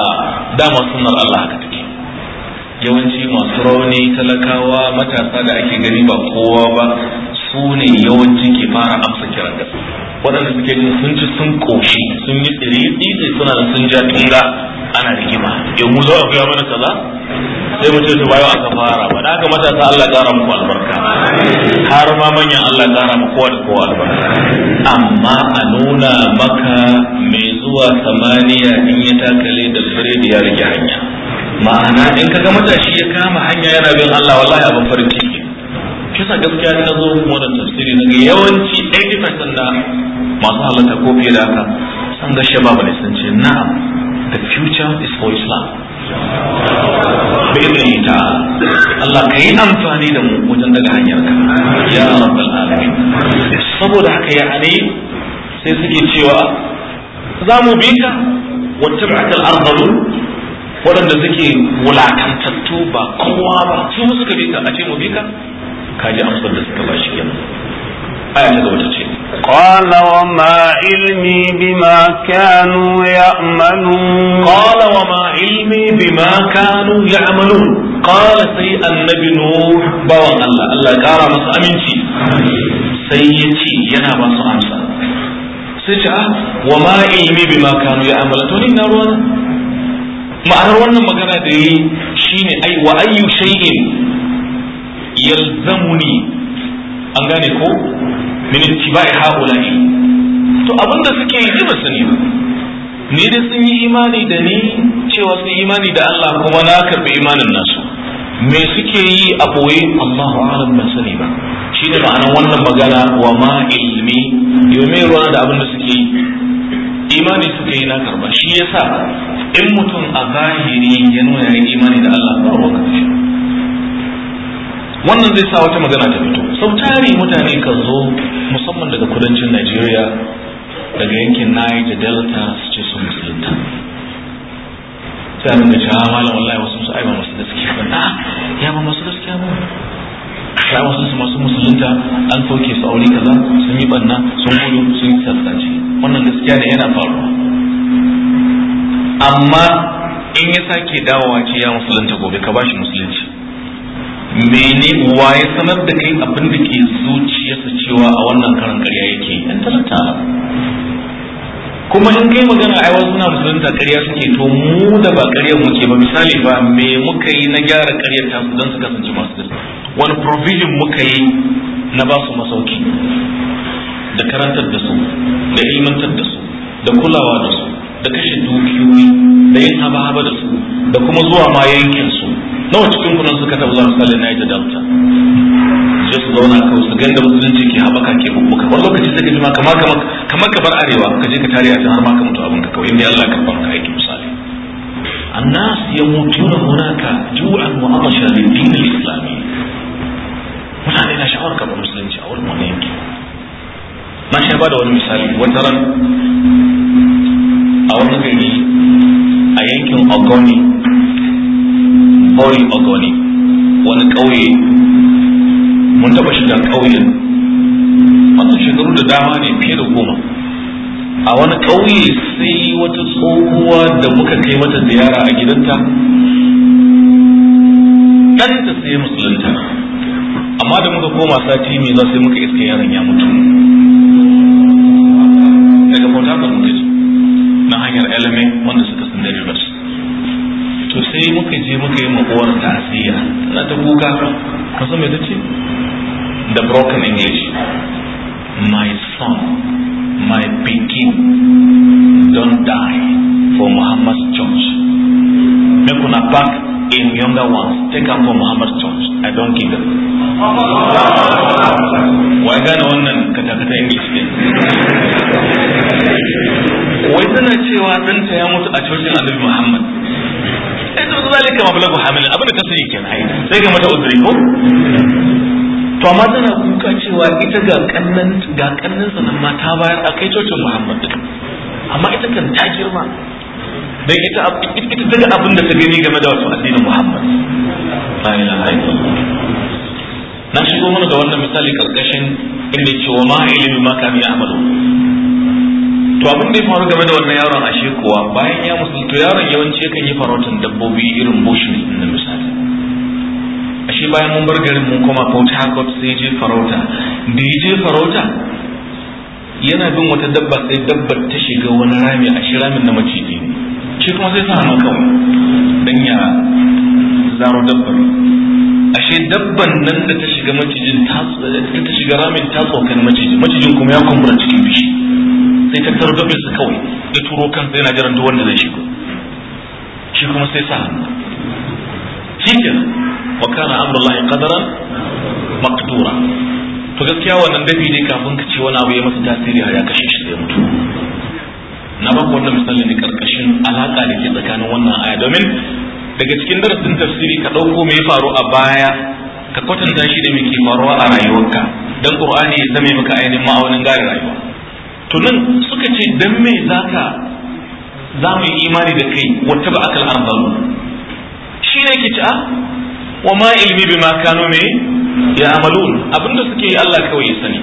Speaker 1: dama sunan Allah haka take yawanci masu rauni talakawa matasa da ake gani ba kowa ba su ne yawanci ke fara amsa kiran da waɗanda suke jin sun ci sun koshi sun yi tsiri tsiri suna da sun ja tunga ana rigima yau mu za biya mana kaza sai mu ce su bayo aka fara ba da aka matasa Allah ya kara muku albarka har ma manyan Allah ya kara muku da kowa albarka amma a nuna maka mai zuwa samaniya in ya takale da fure da ya rike hanya ma'ana in ka ga matashi ya kama hanya yana bin Allah wallahi abin farin ciki kisa gaskiya ta zo wannan tafsiri daga yawanci 80% na masu halatta ko fiye da haka san ga shaba ba sun ce na the future is for islam bai ta Allah ka yi amfani da mu wajen daga hanyar ka ya rabbal alamin saboda haka ya ne sai suke cewa za mu bi ka wata ba'atal arzalu waɗanda suke wulakantattu ba kowa ba su suka bi ka a ce mu bi ka ji amsar da suka bashi kenan aya na gaba ce
Speaker 2: قال وما علمي بما كانوا يعملون قال وما علمي بما كانوا يعملون قال سي النبي
Speaker 1: نوح بوان الله الله قال مس امينتي sai ya ce yana ba su amsa sai ah, wa ma ilmi bima kanu ya amala to ni na ma'anar wannan magana da yi shine wa ayyu yalzamuni an gane ko min ittiba'i ne. to abinda suke yi ba sani ba ni da sun yi imani da ni cewa sun yi imani da Allah kuma na karbi imanin nasu me suke yi a boye Allahu a'lam ban sani ba shi da ma'anar wannan magana wa ma ilmi domin ruwa da abin da suke yi imani suke yi na karba shi yasa in mutum a zahiri ya nuna ya imani da Allah ba wa kashi wannan zai sa wata magana ta fito sau tari mutane kan zo musamman daga kudancin najeriya daga yankin niger delta su ce sun musulunta sai abin da ce ha ah, malam wallahi wasu su aiba masu gaskiya ba na ah, ya ba
Speaker 3: masu gaskiya ba
Speaker 1: sai wasu su masu musulunta an sauke su aure kaza sun yi banna sun gudu sun yi sassanci wannan gaskiya ne yana faruwa amma in ya sake dawowa ce ya musulunta gobe ka bashi musulunci mene wa ya sanar da kai abin da ke zuciyarsa cewa a wannan karan karya yake yan talata kuma in kai magana ai wasu suna musulunta karya suke to mu da ba karya muke ba misali ba me muka yi na gyara karyar ta su don su kasance masu gaskiya wani provision muka yi na ba su masauki da karantar da su da ilmantar da su da kulawa da su da kashe dukiyoyi da yin haba-haba da su da kuma zuwa ma yankin su nawa cikin kunan suka taɓa zuwa misali na yi da dalta je su zauna kawai su ganda musulunci ke haɓaka ke bubbuka wani lokaci sai ka ji ma kamar ka bar arewa ka je ka tare a can har ma ka mutu abin ka kawai in Allah karɓar ka aiki misali الناس يموتون هناك جوعا وعطشا للدين الاسلامي mutane na sha'awar kaba musulunci a wurin wani yanki na sha bada wani misali wata ran a wani gari a yankin ogoni mori magani wani kauye mun taba shiga kauyen masu shekaru da dama ne fiye da goma a wani kauye sai wata tsohuwa da muka kai mata ziyara a gidanta ta sai musulunta amma da muka koma sati mai za sai muka iska yaran ya mutu daga bauta ga mutu na hanyar elemen wanda suka sun da sai muka je muka yi ta asiya na ta kuka kasu mai tace ce da broken english my son my pikin don't die for muhammad's church make una pack in younger ones take up for muhammad's church i don't give them wai gane wannan katakata english din wai
Speaker 2: tana cewa ɗanta ya mutu a cocin
Speaker 1: alif muhammad yasir zalika mablagu hamil abin da tasiri kenan ai sai ga to amma tana kuka cewa ita ga kannan ga kannan sanan ma ta bayar a kai cocin Muhammad amma ita kan ta girma dan ita ita daga abin da ta gani game da wasu addinin Muhammad la ilaha illallah na shigo mana da wannan misali karkashin inda ce wa ma'ilin makami kami amalu to abin da ya faru game da wannan yaron ashe kuwa bayan ya musu to yaron yawanci kan yi farautan dabbobi irin bushmeat na misali ashe bayan mun bar garin mun koma Port Harcourt sai je farauta da ya je farauta yana bin wata dabba sai dabba ta shiga wani rami a shi ramin na maciji shi kuma sai sa kan kawai dan ya zaro dabbar ashe dabban nan da ta shiga macijin ta ta shiga ramin ta tsoka na macijin kuma ya kumbura cikin bishi sai ta taro su kawai ya turo kansa yana jiran duk wanda zai shiga kuma sai sa cikin wa kana Abdullahi qadara maqdura to gaskiya wannan dafi ne kafin ka ce wani abu ya masa tasiri har ya kashe shi sai mutu na ba wannan misali ne karkashin alaka da ke tsakanin wannan aya domin daga cikin darasin tafsiri ka dauko me ya faru a baya ka kwatanta shi da me ke faruwa a rayuwarka dan qur'ani ya zame maka ainihin ma'aunin gari rayuwa to nan suka ce dan me zaka za mu yi imani da kai wata ba akal an shi ne ki ta wa ma ilmi bi ma kanu me ya amalun abinda suke yi Allah kawai ya sani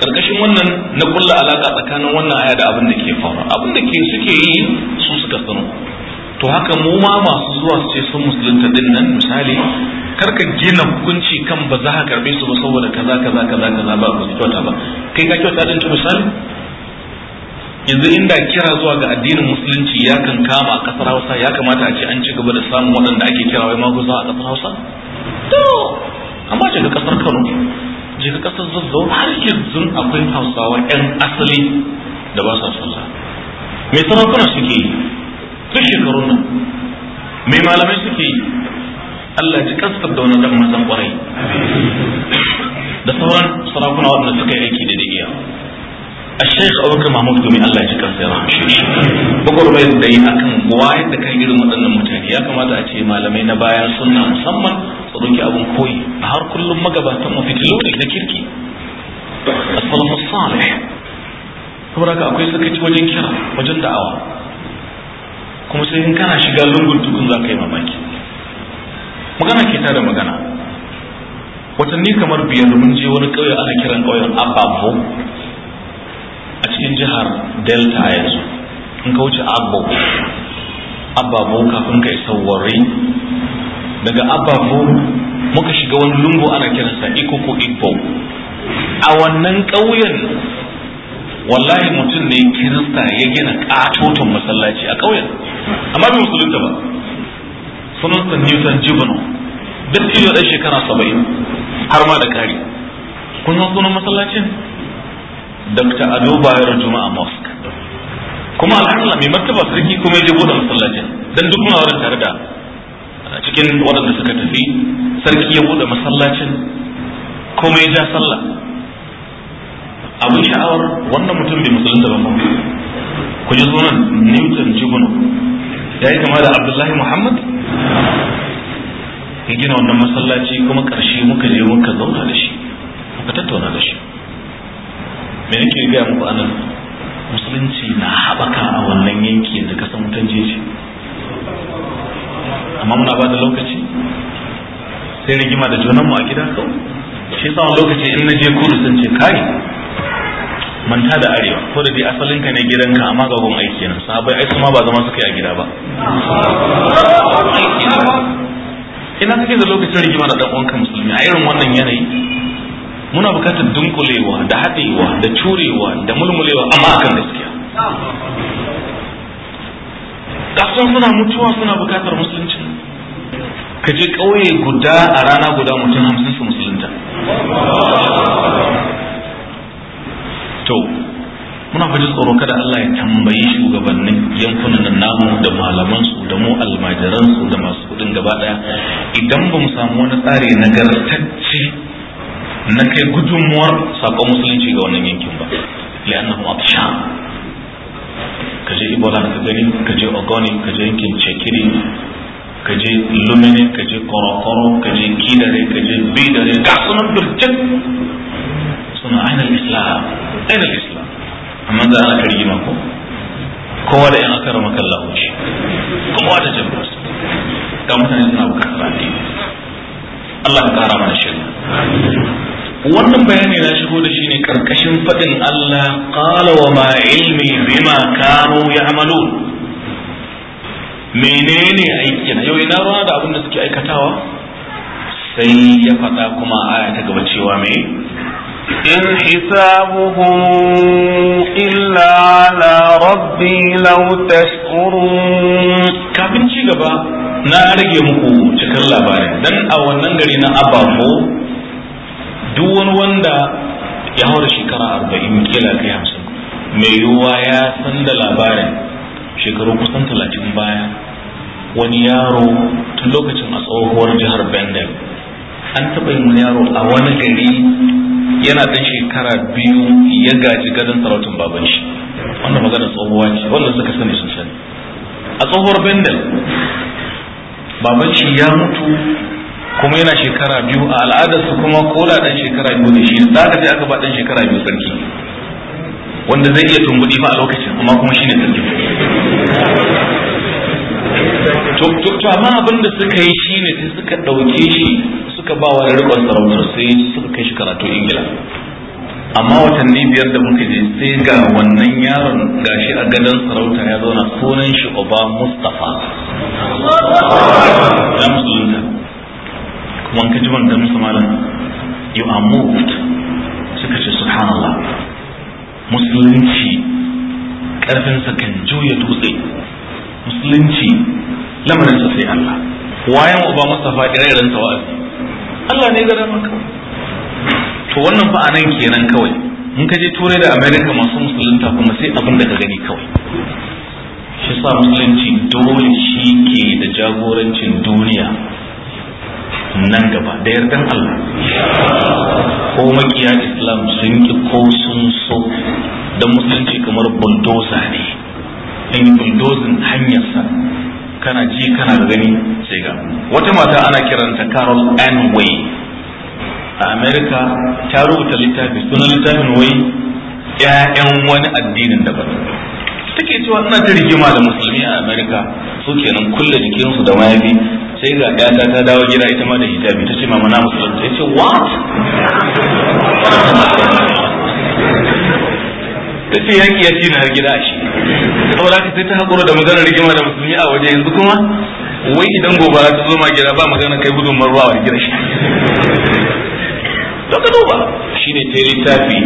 Speaker 1: karkashin wannan na kulla alaka tsakanin wannan aya da abin da ke faru abin da ke suke yi su suka sanu to haka mu ma masu zuwa su ce sun musulunta din nan misali karka gina hukunci kan ba za ka karbe su ba saboda kaza kaza kaza kaza ba ba kyauta ba kai ka kyauta din misali yanzu inda kira zuwa ga addinin musulunci ya kan kama a kasar hausa ya kamata a ce an ci gaba da samun waɗanda ake kira wai maguza a kasar hausa to amma ce ga kasar kano je ga kasar zazzau har yanzu akwai hausawa yan asali da ba sa sallah mai sarakuna suke yi tun shekarun nan mai malamai suke yi Allah ji kaskar da wani dan mazan kwarai da sauran sarakuna waɗanda suka yi aiki da dagiya الشيخ أبو بكر محمود دومي الله يجزاه خير شيخ بكر bai da yi akan wayar da kan متاني mutane ya kamata a ce malamai na bayan sunna musamman su كل abin koyi a har kullum magabatan mu fitilo ne na kirki as-salafu salih saboda haka akwai sakaci wajen kira wajen da'awa kuma sai in shiga za magana ke tare magana watanni kamar biyar mun je wani kauye ana kiran ƙauyen ababo cikin jihar delta yanzu in ka wuce abba bu kafin kai isa daga bu muka shiga wani lungu ana kiransa ikoko igbo a wannan ƙauyen wallahi mutum ne kirista ya gina ƙatoton masallaci a ƙauyen amma bai musulunta ba sunansa newton jibino dattijo ɗan shekara saba'in har ma da kari kun san sunan masallacin dr ado bayar juma'a mosque kuma alhamdulillah mai martaba sarki kuma ya je bude masallacin dan duk muna wurin tare da cikin waɗanda suka tafi sarki ya bude masallacin kuma ya ja sallah abin sha'awar wannan mutum bai musulunta ba ku ji sunan newton jiguno ya yi kama da abdullahi muhammad ya gina wannan masallaci kuma ƙarshe muka je muka zauna da shi muka tattauna da shi me nake gaya muku anan musulunci na haɓaka a wannan yanki da kasan wutan jeji amma muna ba da lokaci sai rigima da mu a gida kawai shi sa lokaci in na je kudu sun ce kai manta da arewa ko da bi asalin ka ne gidanka amma ga gun aiki nan sabai ai kuma ba zama suka yi a gida ba ina kake da lokacin rigima da dan uwanka musulmi a irin wannan yanayi muna bukatar dunkulewa da haɗewa da curewa da mulmulewa amma akan gaskiya kasan suna mutuwa suna bukatar musulunci ka je ƙauye guda a rana guda mutum hamsin su musulunta to muna fajin tsoro kada Allah ya tambayi shugabannin yankunan nan namu da malaman su da mu almajiran su da masu kudin gaba daya idan ba mu samu wani tsari
Speaker 3: nagartacce
Speaker 1: na kai gudunmuwar sakon musulunci ga wannan yankin ba li'annahum atsha ka je ibola ka gani ka je ogoni ka je yankin cekiri ka je Lumini, ka je korokoro ka je kidare ka je bidare ga sunan birjin suna ainihin islam ainihin islam amma za a kargi mako kowa da yan akara makalla wuce kowa da jambas ga mutane suna bukatar addini Allah ka kara mana shirya wannan bayani na shigo da shi ne karkashin faɗin Allah qala wa ma ilmi bima kanu ya'malun menene na yau ina ruwa da abin da suke aikatawa sai ya faɗa kuma aya ta gaba cewa me
Speaker 2: in hisabuhum illa ala rabbi law tashkurun kafin ci gaba
Speaker 1: na rage muku cikin labarin dan a wannan gari na ababo duk wani wanda ya haura shekara arba'in kila kai hamsin mai yiwuwa ya san da labarin shekaru kusan talatin baya wani yaro tun lokacin a tsohuwar jihar Bendel an taɓa yin wani yaro a wani gari yana ɗan shekara biyu ya gaji gadon sarautun baban shi wannan magana tsohuwa ce wanda suka sani sun sani a tsohuwar Bendel baban shi ya mutu kuma yana shekara biyu a al'adarsu kuma kola dan shekara biyu da shi za ka je aka ba dan shekara biyu sarki wanda zai iya tumbudi ba a lokacin amma kuma shine sarki to amma abin da suka yi shine sai suka ɗauke shi suka ba wa rikon sarautar sai suka kai shi karatu ingila amma watanni biyar da muka je sai ga wannan yaron gashi a gadon sarauta ya zauna sunan shi oba mustapha kuma ka ji wannan musu malam you are moved suka ce subhanallah musulunci ƙarfinsa kan juya dutse musulunci lamarinsa sai Allah wayan uba Mustapha ire-iren tawazi
Speaker 3: Allah ne gara maka
Speaker 1: to wannan fa anan kenan kawai in ka je turai da america masu musulunta kuma sai abin da ka gani kawai shi sa musulunci dole shi ke da jagorancin duniya nan gaba da yardan Allah ko makiya islam sun ki ko sun so da musulunci kamar bulldozer ne in yi hanyarsa kana ji kana gani sai ga wata mata ana kiranta carol ann way a america ta rubuta littafi sunan littafin way 'ya'yan wani addinin daban
Speaker 3: take cewa ina ta rigima da
Speaker 1: musulmi a america su kenan kulle jikinsu da mayafi sai ga yata ta dawo gida ita ma da hijabi ta ce mama na musu ya ce what ta ce yaki ya ci na har gida shi za haka sai ta haƙura da maganar rigima da musulmi a waje yanzu kuma
Speaker 3: wai idan gobe za
Speaker 1: ta zo ma gida ba magana kai gudun ruwa a gida shi ka duba shi ne ta littafi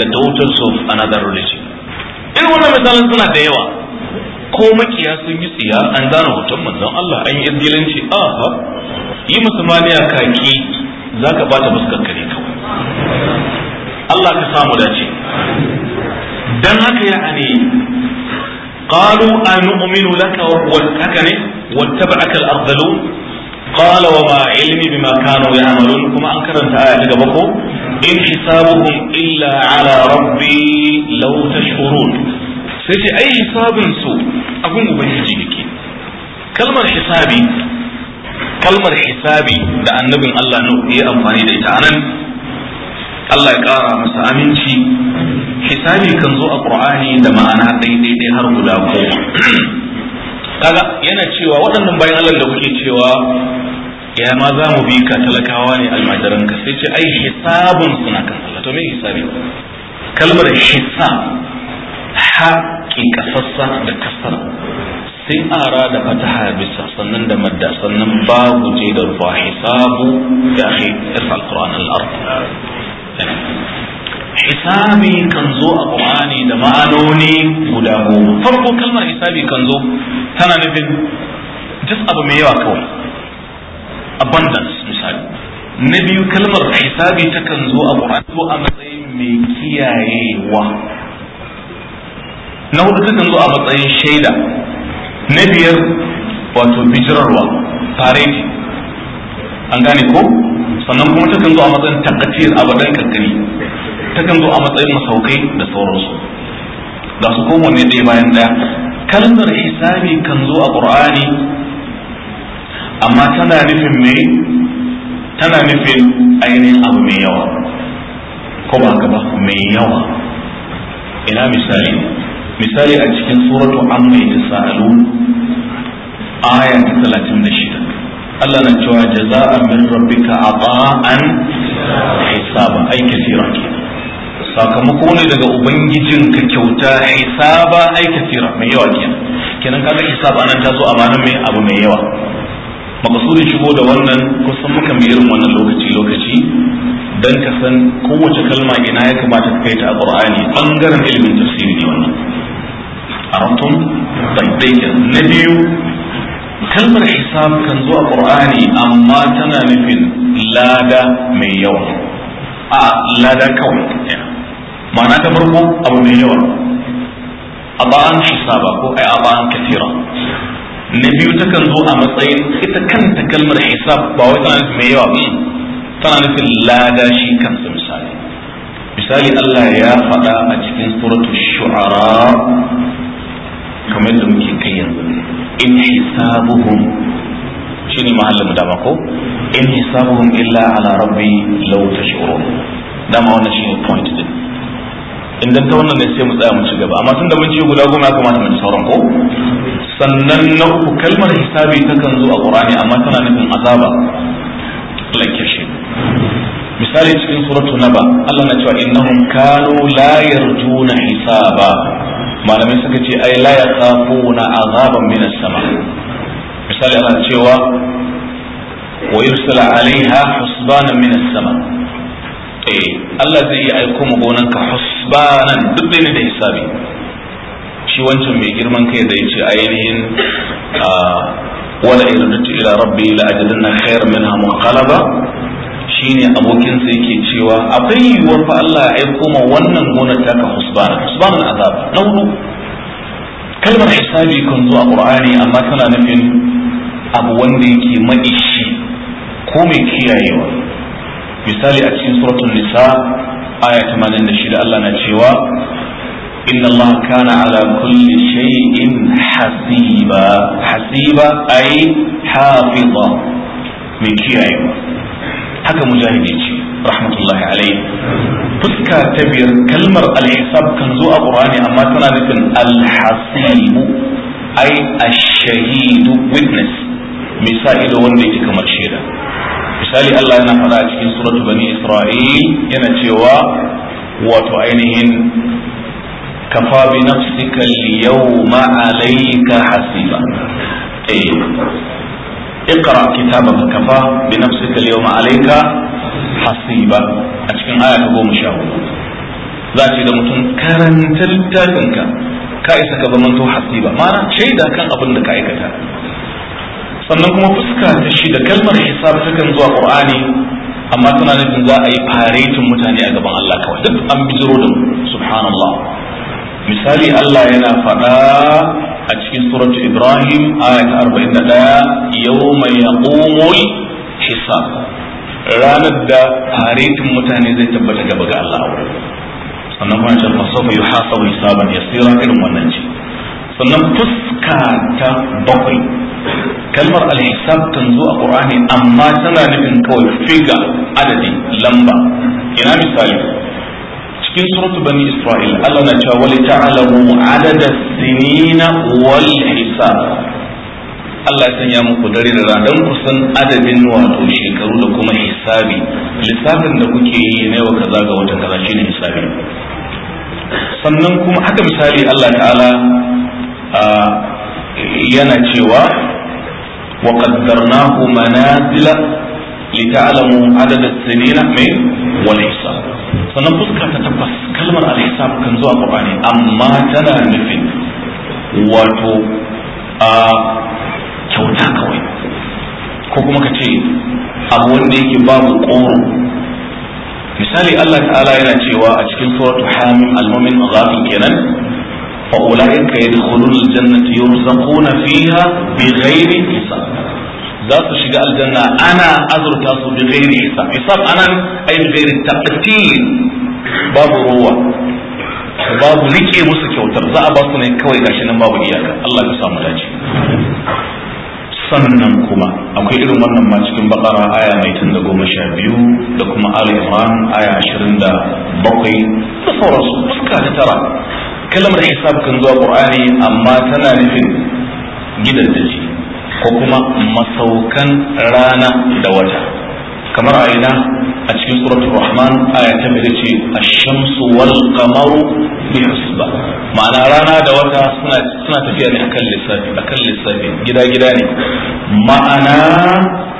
Speaker 1: da daughters of another religion irin wannan misalin suna da yawa ko makiya sun yi tsiya an zana hoton manzon Allah an yi izgilanci a ah, ha yi musulmaniya kaki za ka bata fuskar kare kawai Allah ka samu dace dan haka ya ne قالوا أنؤمن لك haka ne واتبعك الأرذلون قال وما علمي بما كانوا يعملون كما أنكرت آية لقبكم إن حسابهم إلا على ربي لو تشكرون sai ce ai hisabin su abin ubangiji yake kalmar hisabi kalmar hisabi da annabin Allah na ya amfani da ita anan Allah ya kara masa aminci hisabi kan zo a Qur'ani da ma'ana daidai dai har guda goma kaga yana cewa waɗannan bayan Allah da kuke cewa ya ma za mu bi ka talakawa ne almajiranka sai ce ai hisabun suna kan Allah to me hisabi kalmar hisab haƙi ƙasassa da ƙasar. sai ara da fataha bisa sannan da madda sannan babu je da rufa hisabu ya ke irfa alƙur'an al hisabi kan zo a qur'ani da ma'anoni guda goma farko kalmar hisabi kan zo tana nufin duk abu mai yawa kawai abundance misali na biyu kalmar hisabi ta kan zo a qur'ani a matsayin mai kiyayewa na hudu sukan zo a matsayin shaida na biyar wato bijirarwa fareti an gane ko sannan kuma takan zo a matsayin takatir abadan kankani takan zo a matsayin masaukai da sauransu ga su kowanne ɗaya bayan ɗaya kalmar hisabi kan zo a qur'ani amma tana nufin me tana nufin ainihin abu mai yawa ko ba ka ba mai yawa ina misali misali a cikin suratu amma yatasaalun aya ta shida. Allah na cewa jaza'an min rabbika ba'an hisaba ai kasira ke sakamako ne daga ubangijin ka kyauta hisaba ai kasira mai yawa ke kenan kaga hisaba nan ta zo a banan mai abu mai yawa makasudin shigo da wannan kusan muka mai irin wannan lokaci lokaci dan ka san kowace kalma ina ya kamata ka kai ta a qur'ani bangaren ilimin tafsiri ne wannan arantun tabbaiya na biyu kalmar hisab kan zo a qur'ani amma tana nufin lada mai yawa a lada kawai ma'ana ta farko abu mai yawa a ba'an hisaba ko a ba'an katira na biyu takan zo a matsayin ita kanta kalmar hisab ba wai tana nufin yawa tana nufin lada shi kansa misali misali Allah ya faɗa a cikin suratul shu'ara kamar da muke kai yanzu in hisabuhum shine mahallin mu dama ko in hisabuhum illa ala rabbi law tashurun dama wannan shine point din in dan ta wannan ne sai mu tsaya mu ci gaba amma tunda mun ci guda goma ya kamata mu sauran ko sannan na uku kalmar hisabi takan zo a qur'ani amma tana nufin azaba shi misali cikin suratul naba Allah na cewa innahum kanu la yarjuna hisaba malamai suka ce ai la yakhafuna azaban min as-sama misali ana cewa wa yursala alaiha husbana min as-sama eh Allah zai yi aiko mu ka husbana duk ne da hisabi shi wancan mai girman kai da yace ainihin ah, wala irdatu ila rabbi la ajidanna khayran minha munqalaba shine abokinsa yake cewa akwai yiwuwar fa Allah ya aiko ma wannan gonar taka husbana husbanan azab na hudu kalmar hisabi kan zo a qur'ani amma tana nufin abu wanda yake maishi ko mai kiyayewa misali a cikin suratul nisa aya 86 Allah na cewa inna Allah kana ala kulli shay'in hasiba hasiba ay hafiza mai kiyayewa haka mujahidi ce rahmatullahi alai fuska ta biyar kalmar alhisab kan zo a qur'ani amma tana nufin alhasibu ai ashahidu witness misali da wanda yake kamar shaida misali Allah yana faɗa a cikin suratu bani isra'il yana cewa wato ainihin kafa bi nafsika al-yawma alayka hasiba eh اقرا كتابك كفى بنفسك اليوم A cikin اشكن ka goma sha hudu za ce da mutum karanta littafinka ka isa ka zamanto hasiba mana shaida kan abin da ka aikata sannan kuma fuska ta shi da kalmar hisab takan zuwa ƙur'ani. amma tana za a yi faretin mutane a gaban Allah kawai duk an bijiro da subhanallah misali Allah yana faɗa a cikin suratu ibrahim aya ta 41 yawma yaqumul hisa. ranar da faretin mutane zai tabbata gaba ga Allah sannan kuma can masafa sabon hisaban yasira irin wannan ce sannan fuska ta bakwai kalmar alhisab kan zo a ƙur'ani amma tana nufin kawai figa adadi lamba ina misali cikin suratu bani isra'il Allah na cewa Allah ya sanya muku dare da rana don kusan adadin wato shekaru da kuma hisabi lissafin da kuke yi na yau kaza ga watan kaza shine hisabi sannan kuma haka misali Allah ta'ala yana cewa wa qaddarnahu manazila lita'lamu sinina wal sannan fuska ta tabbas kalmar al ihsan kan zuwa qur'ani amma tana nufin wato a kyauta kawai ko kuma ka ce abu wanda yake babu ƙoro misali Allah ta'ala yana cewa a cikin suratu hamim al-mumin kenan fa ulaika yadkhuluna al-jannata yurzaquna fiha bighairi hisab za su shiga aljanna ana azurta su bi ghairi hisab anan ay bi ghairi taqtil babu ruwa babu rike musu kyautar za a ba su ne kawai gashi nan babu iyaka Allah ya samu dace sannan kuma akwai irin wannan ma cikin bakara aya mai tun da goma sha biyu da kuma ali imran aya ashirin da bakwai da sauransu fuska ta tara kalmar hisab kan zuwa qur'ani amma tana nufin gidan daji ko kuma masaukan rana da wata kamar a ina a cikin suratul rahman aya ta mai ce ash-shamsu wal qamaru bi hisba ma'ana rana da wata suna suna tafiya ne akan lissafi akan lissafi gida gida ne ma'ana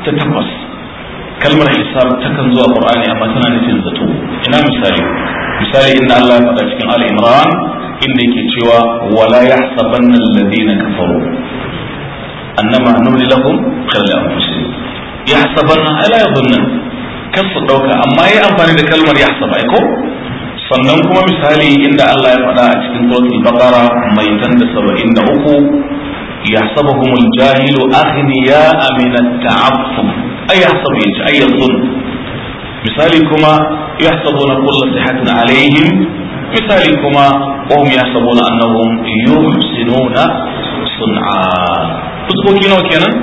Speaker 1: ta takwas kalmar hisab takan zuwa qur'ani amma tana nufin zato ina misali misali inna Allah cikin al-imran inda yake cewa wala yahsabanna alladhina kafaru annama nuli lahum khalla anfusihim yahsabanna ala yadhunna kasu dauka amma yayi amfani da kalmar yahsaba ko sannan kuma misali inda Allah ya faɗa a cikin suratul baqara mai tanda 73 yahsabuhum al-jahilu aghniya'a min at-ta'affuf ay yahsabu yaji ay yadhun misali kuma yahsabuna kullu sihatin alaihim misali kuma wahum yahsabuna annahum yuhsinuna sun'a ah, nawa kenan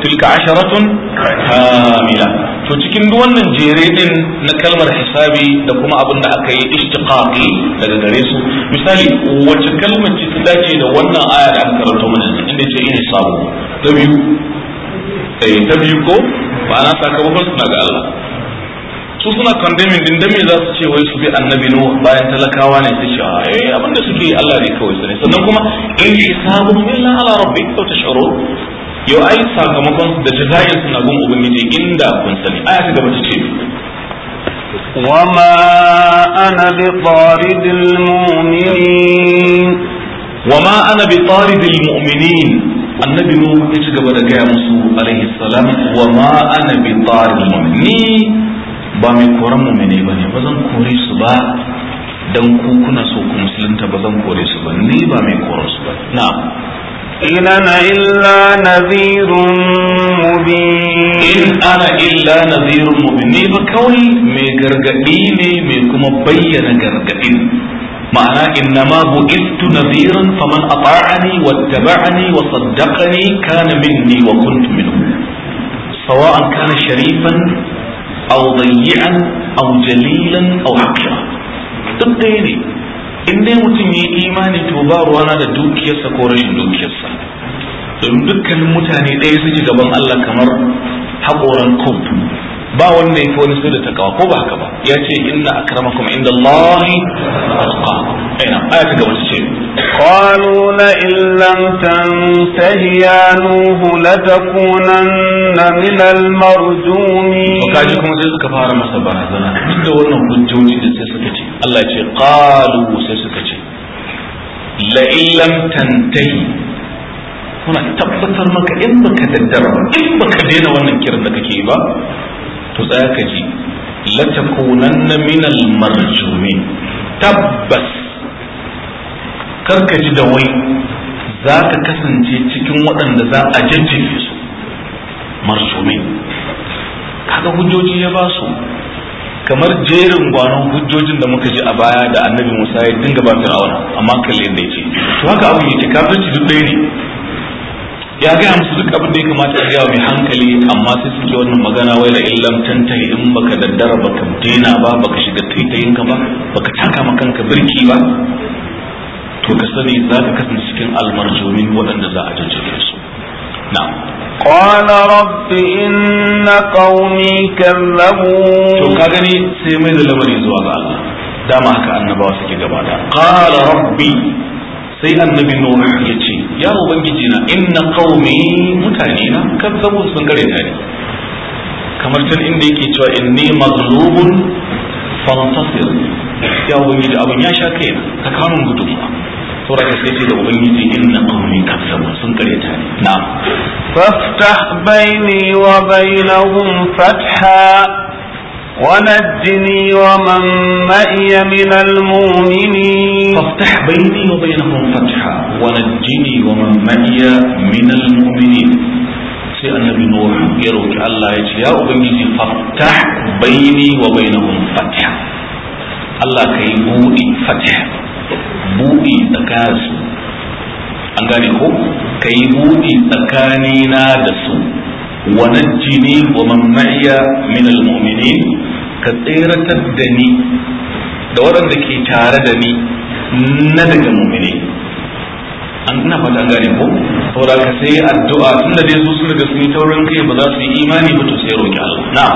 Speaker 1: tilka asharatun kamila ah, to cikin duk wannan jere din na kalmar hisabi da kuma abin da aka yi ishtiqaqi daga gare su misali wacce kalmar ce ta dace da wannan aya da aka karanto mana inda ce ina sabo ta biyu eh ta biyu ko ba na sakamakon suna ga Allah su suna condemning din dan za su ce wai su bi annabi no bayan talakawa ne su ce ah, eh abin da suke Allah ne kawai sani sannan kuma in hisabu illa ala rabbik ta tashuru yau ai sakamakon da jazayin suna gun ubangiji inda kun sani aya ta gaba ta ce ana
Speaker 2: وما أنا بطارد المؤمنين وما أنا بطارد المؤمنين annabi
Speaker 1: nuhu ya ci gaba da gaya musu alaihi salam wa ma ana bi taril mu'mini ba mai koran mumine ba ne ba zan kore su ba dan ku kuna so ku musulunta ba zan kore su ba ni ba mai koran su ba na'am إن أنا إلا نذير مبين إن أنا إلا نذير مبين ني بكوي مي غرغدي ني مي كما بين غرغدين معنى إنما بعثت نذيرا فمن أطاعني واتبعني وصدقني كان مني وكنت منه سواء كان شريفا aw dayyan aw jalilan aw duk ɗaya ne in dai mutum ya yi imani to ba ruwana da dukiyarsa ko rashin dukiyarsa domin dukkanin mutane ɗaya suke gaban Allah kamar haƙoran kofi ba wanda yake wani sai da takawa ko ba haka ba ya ce inna akramakum inda Allah atqakum
Speaker 2: ina aya ta gaba ce qalu la in lam tantahi ya nuhu latakunanna min al marjumi to kaji kuma sai
Speaker 1: suka fara masa barazana duk da wannan hujjoji da sai suka ce Allah ce qalu sai suka ce la in tantahi muna tabbatar maka in baka daddara in baka daina wannan kiran da kake yi ba to tsaya ka ji latakunanna minal marjumin tabbas karkaji da wai za ka kasance cikin waɗanda za a jajjefe su marjumin kaga hujjoji ya ba su kamar jerin gwanon hujjojin da muka ji a baya da annabi musa ya dinga ba fir'auna amma kalle da yake to haka abin yake kafirci duk ɗaya ne ya gaya musu duk abin da ya kamata a gaya mai hankali amma sai suke wannan magana wai la illam tantai in baka daddara baka daina ba baka shiga taitayin ka ba baka taka ma kanka birki ba to ka sani za ka kasance cikin almarjumin waɗanda za a jajjabe su
Speaker 2: na'am قال رب إن قومي كذبون
Speaker 1: to ka gani sai mai da lamari zuwa ga Allah dama haka annabawa suke gaba rabbi sai annabi nuh ya ce ya ubangiji na inna qaumi mutane na kazzabu sun gare ta ne kamar can inda yake cewa inni maghlubun fantasir ya ubangiji abin ya sha kai na ka kawo mun gudunmuwa saboda ka sai ce da ubangiji inna qaumi kazzabu sun gare ta ne na
Speaker 2: faftah baini wa bainahum fatha ونجني ومن معي من المؤمنين فافتح بيني وبينهم فتحا ونجني ومن معي من
Speaker 1: المؤمنين sai annabi nuh ya roki Allah ya ce ya ubangiji faftah baini wa bainahum fatha Allah ka yi buɗi fatha buɗi tsakanin su an gane ko ka yi buɗi tsakanina da su ونجني ومن معي من المؤمنين كثيرة الدني دورا ذكي تاردني ندق مؤمنين ina fata gane ko saboda ka sai addu'a tun da dai su sun daga suni taurin kai ba za su yi imani ba to sai roki Allah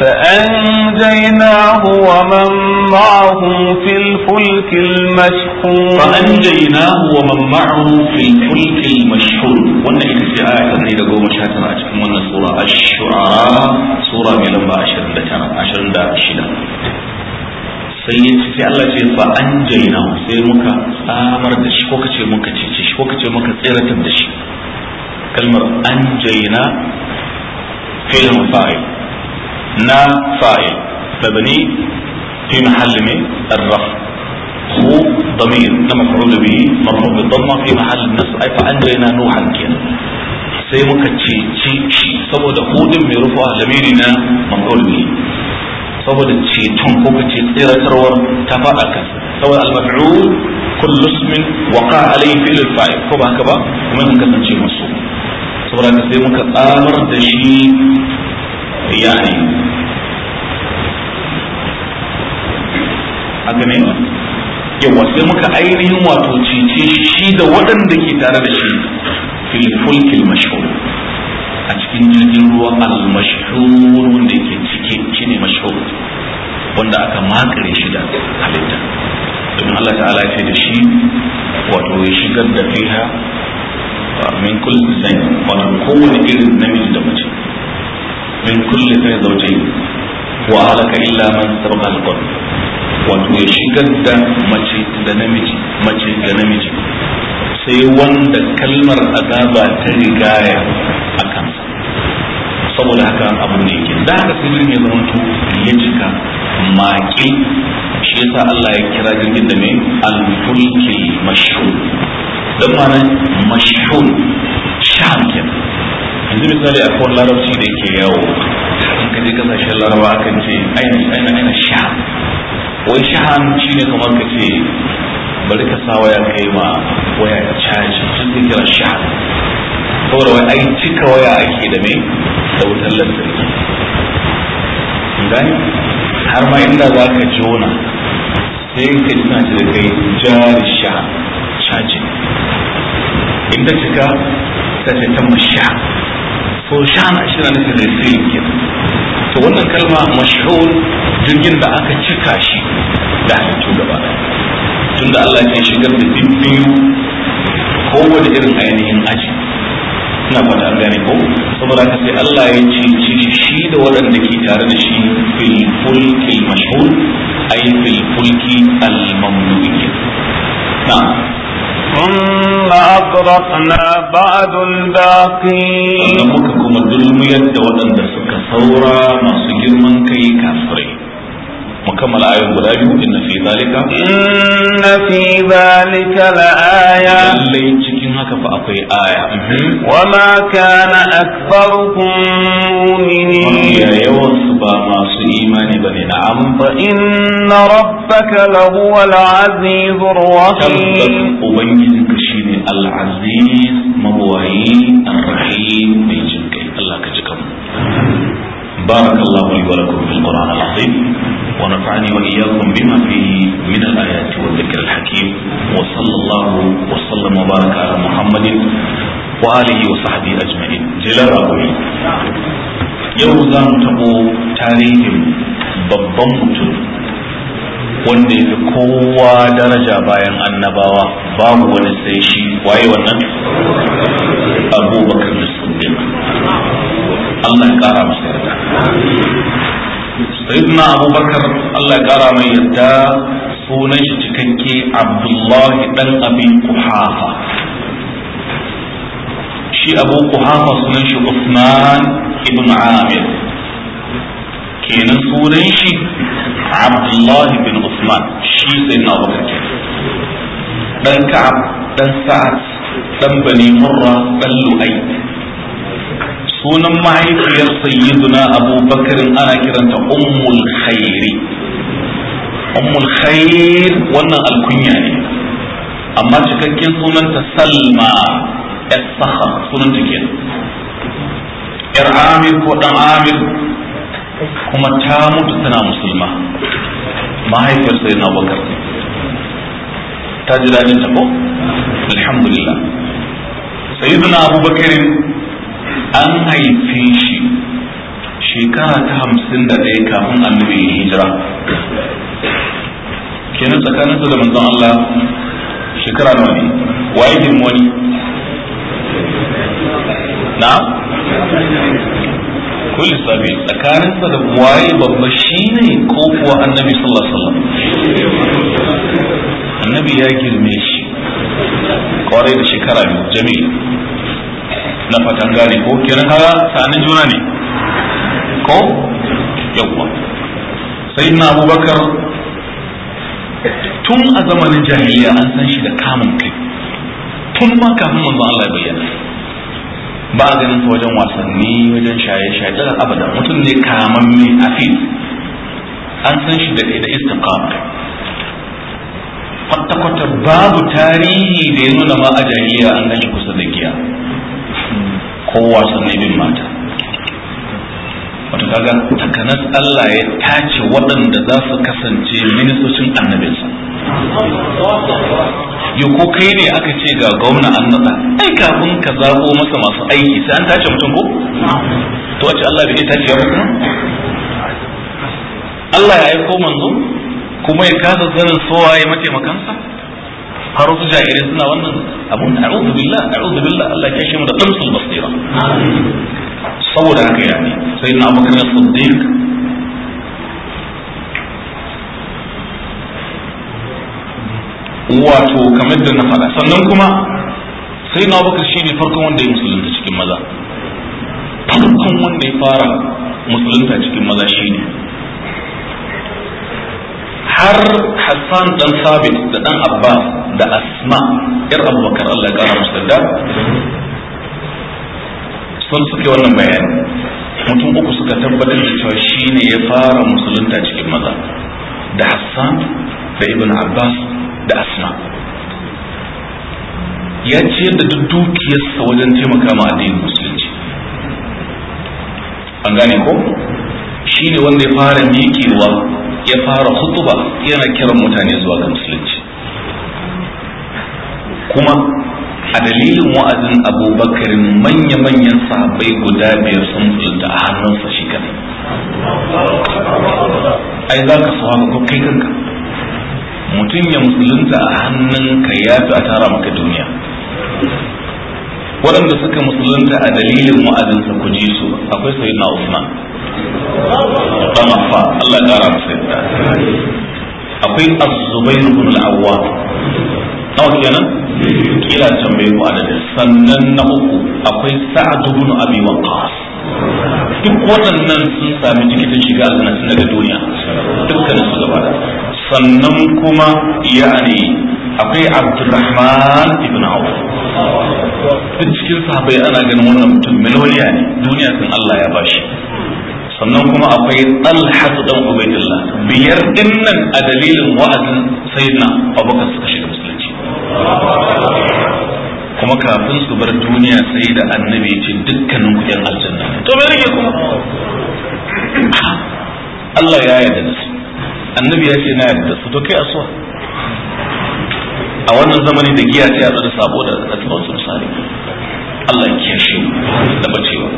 Speaker 2: فأنجيناه ومن معه في الفلك المشحون فأنجيناه ومن معه في الفلك المشحون
Speaker 1: وانا في آية تبريد لقو مشهات أجكم وانا سورة الشعراء سورة ملما أشرن دا كان دا أشرن sai ya ce Allah ce fa an jaina sai muka samar da shi ko kace muka cece shi ko kace muka نا فاعل مبني في محل من الرفع هو ضمير مفعول به مرفوع بالضمه في محل نصب اي فانجينا نوحا كده sai muka ceci shi saboda hudun mai rufa lamiri na maf'ul bihi saboda ceton ko ka ce tsiratarwar ta faɗa kan saboda al-maf'ul kullu ismin waqa alayhi fi'l fa'il ko ba haka ba kuma in kasance masu saboda ka sai muka tsamar da shi yani haka ne yawa sai muka ainihin wato cice shi da waɗanda ke tare da shi fil fulkil a cikin jirgin ruwa al mashhur wanda ke cike ne mashhur wanda aka makare shi da halitta domin Allah ta'ala ya ce da shi wato ya shigar da fiha min kulli zan wato kowane irin namiji da mace min kulle sai zaujain wa halaka illa man sabaqa wato ya shigar da mace da namiji mace da namiji sai wanda kalmar azaba ta rigaya a kansa saboda haka abu ne yake da haka sai ya zama to ya cika maƙi shi yasa Allah ya kira jirgin da ne al-fulkil mashhur dan ma'ana mashhur sham yanzu misali a kawon larabci da ke yawo in ka je kasashen laraba akan ce aina aina sha wai shahan shi ne kamar ka ce bari ka sa waya kai ma waya ta caji sun ke kira shahan saboda wai ai cika waya ake da me da wutar lantarki gani har ma inda za ka jona sai ka ji sanci da kai jari sha caji inda cika ta ce tamma masha so shana shi na nufin resirin ke to wannan kalma mashhur jirgin da aka cika shi da halittu gaba tun da Allah ya shigar da biyu kowane irin ainihin aji ba fata an ne ko saboda haka sai Allah ya ci shi da waɗanda ke tare da shi fil fulki mashhur ay fil fulki al mamnu'i ثم أغرقنا بعد الباقين muka kuma dulmiyar da waɗanda suka saura masu girman kai kafirai mukammal ayoyin guda biyu inna fi zalika inna
Speaker 2: fi zalika la'aya
Speaker 1: lallai cikin haka fa akwai aya mhm.
Speaker 2: wa ma kana aktharukum mu'minin yawan su ba masu imani bane na'am fa inna rabbaka lahuwal azizur rahim al'aziz mabuwayi
Speaker 1: arrahim mai jin kai Allah ka ji kanmu بارك الله لي ولكم في القرآن العظيم ونفعني وإياكم بما فيه من الآيات والذكر الحكيم وصلى الله وسلم وبارك على محمد وآله وصحبه أجمعين جلال أبوي يوم زام تقو تاريخ babban mutum wanda ya fi kowa daraja bayan annabawa babu wani sai shi waye wannan abubakar da sundin Allah ya kara masa yarda sayyidina abubakar Allah ya kara mai yarda sunan shi cikakke abdullahi dan abi kuhafa shi abu kuhafa sunan shi usman ibn amir kenan sunan shi Abdullahi bin Usman shi sayyidina Abubakar dan Ka'ab dan Sa'ad dan Bani Murra dan Lu'ay sunan mahaifiyar sayyiduna Abubakar ana kiranta Ummul Khairi Ummul Khair wannan alkunya ne amma cikakken sunanta Salma ya sakhar sunanta kenan Yar Amir ko dan Amir kuma ta mutu tana musulma mahaifiyar sai na bakar ta ji daɗin ta ko alhamdulillah sayyidina abubakar an haife shi shekara ta hamsin da ɗaya kafin annabi ya hijira kenan tsakaninsa da manzon Allah shekara nawa ne waye girma wani na Kulli lissafi tsakanin sa da waye babba shine ko kuwa annabi sallallahu alaihi wasallam annabi ya girme shi kwarai da shekara biyu jami'i na fatan gane ko kiran haka sanin juna ne ko yawwa sai na abubakar tun a zamanin jahiliya an san shi da kamun kai tun ma kafin manzo Allah ya bayyana ba a ganin ta wajen wasanni wajen shaye-shaye daga abada mutum ne kaman mai afis an san shi da da istiqam kwata-kwata babu tarihi da ya nuna ma a jariya an gan shi kusa da giya ko wasanni bin mata wata kaga takanas Allah ya tace waɗanda za su kasance ministocin annabinsa ya ko kai ne aka ce ga gwamna an nasa ai kafin ka zabo masa masu aiki sai an tace mutum ko to wace Allah bai tace ba Allah ya aiko manzo kuma ya kasa sanin sowa ya mataimakansa har wasu jahilai suna wannan abun a'udhu billah a'udhu billah Allah ya shi mu da tamsul basira saboda haka ya ne sai na abokan siddiq wato kamar da na faɗa sannan kuma sai na bakar shi ne farkon wanda ya musulunta cikin maza farkon wanda ya fara musulunta cikin maza shi ne har hassan dan sabit da dan abbas da asma yar abubakar allah ya musu sun suke wannan bayani mutum uku suka tabbatar da cewa shi ne ya fara musulunta cikin maza da hassan da ibn abbas da asma ya ce da duk dukiyarsa wajen taimaka ma addinin musulunci an gane ko shi ne wanda ya fara miƙewa ya fara hutuba yana kiran mutane zuwa ga musulunci kuma a dalilin wa'azin abubakarin manya-manyan sahabbai guda biyar sun fulta a hannunsa shi kadai ai za ka sawa ko kai kanka mutum ya musulunta a hannunka ya fi a tara maka duniya waɗanda suka musulunta a dalilin wa'azinsa ku ji su akwai sai na usman dan affa Allah ya kara masa yadda akwai az-zubair ibn al-awwam nawa kenan kila bai ku adada sannan na uku akwai sa'ad ibn abi waqqas duk waɗannan sun sami tikitin shiga a tun daga duniya dukkanin su gaba da sannan kuma yani akwai abdurrahman ibn auf duk cikin sahabai ana ganin wannan mutum miloniya ne duniya sun, Allah ya bashi sannan kuma akwai talha ɗan ubaidillah biyar dinnan a dalilin wa'azin sayyidina abubakar suka shiga musulunci kuma kafin su bar duniya sai da annabi ce dukkanin kuɗin aljanna to me kuma Allah ya yarda da su annabi ya ce na yarda su to kai suwa, a wannan zamani da giya ta a da sabo da tsatuban su misali Allah ya kiyashe da bacewa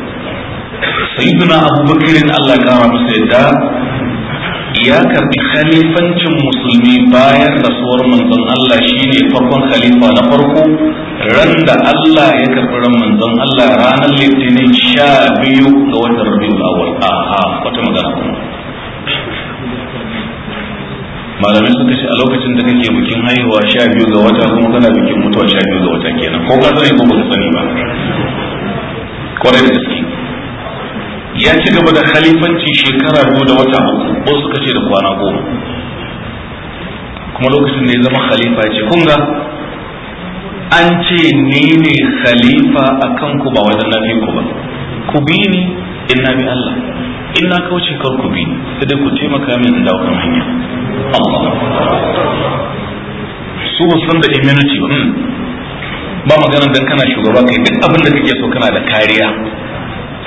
Speaker 1: sayyiduna abubakarin Allah ya kara masa yadda ya karbi khalifancin musulmi bayan rasuwar manzon Allah shine farkon khalifa na farko ran da Allah ya karbi ran manzon Allah ranar litinin sha biyu ga watan rabiul awwal aha wata magana kuma malamai suka ce a lokacin da kake bikin haihuwa sha biyu ga wata kuma kana bikin mutuwa sha biyu ga wata kenan ko kasar sani ko baka sani ba kwarai da gaske ya ci gaba da khalifanci shekara biyu da wata uku ko suka ce da kwana goma kuma lokacin da ya zama ya ce kun ga an ce ni ne khalifa a kanku ba wajen nafi ku ba ku bi ni in na bi Allah in na kauce kar ku bi sai ku taimaka min in dawo kan hanya su ba san da immunity ba hmm. ba magana dan kana shugaba kai duk abin da kake so kana da kariya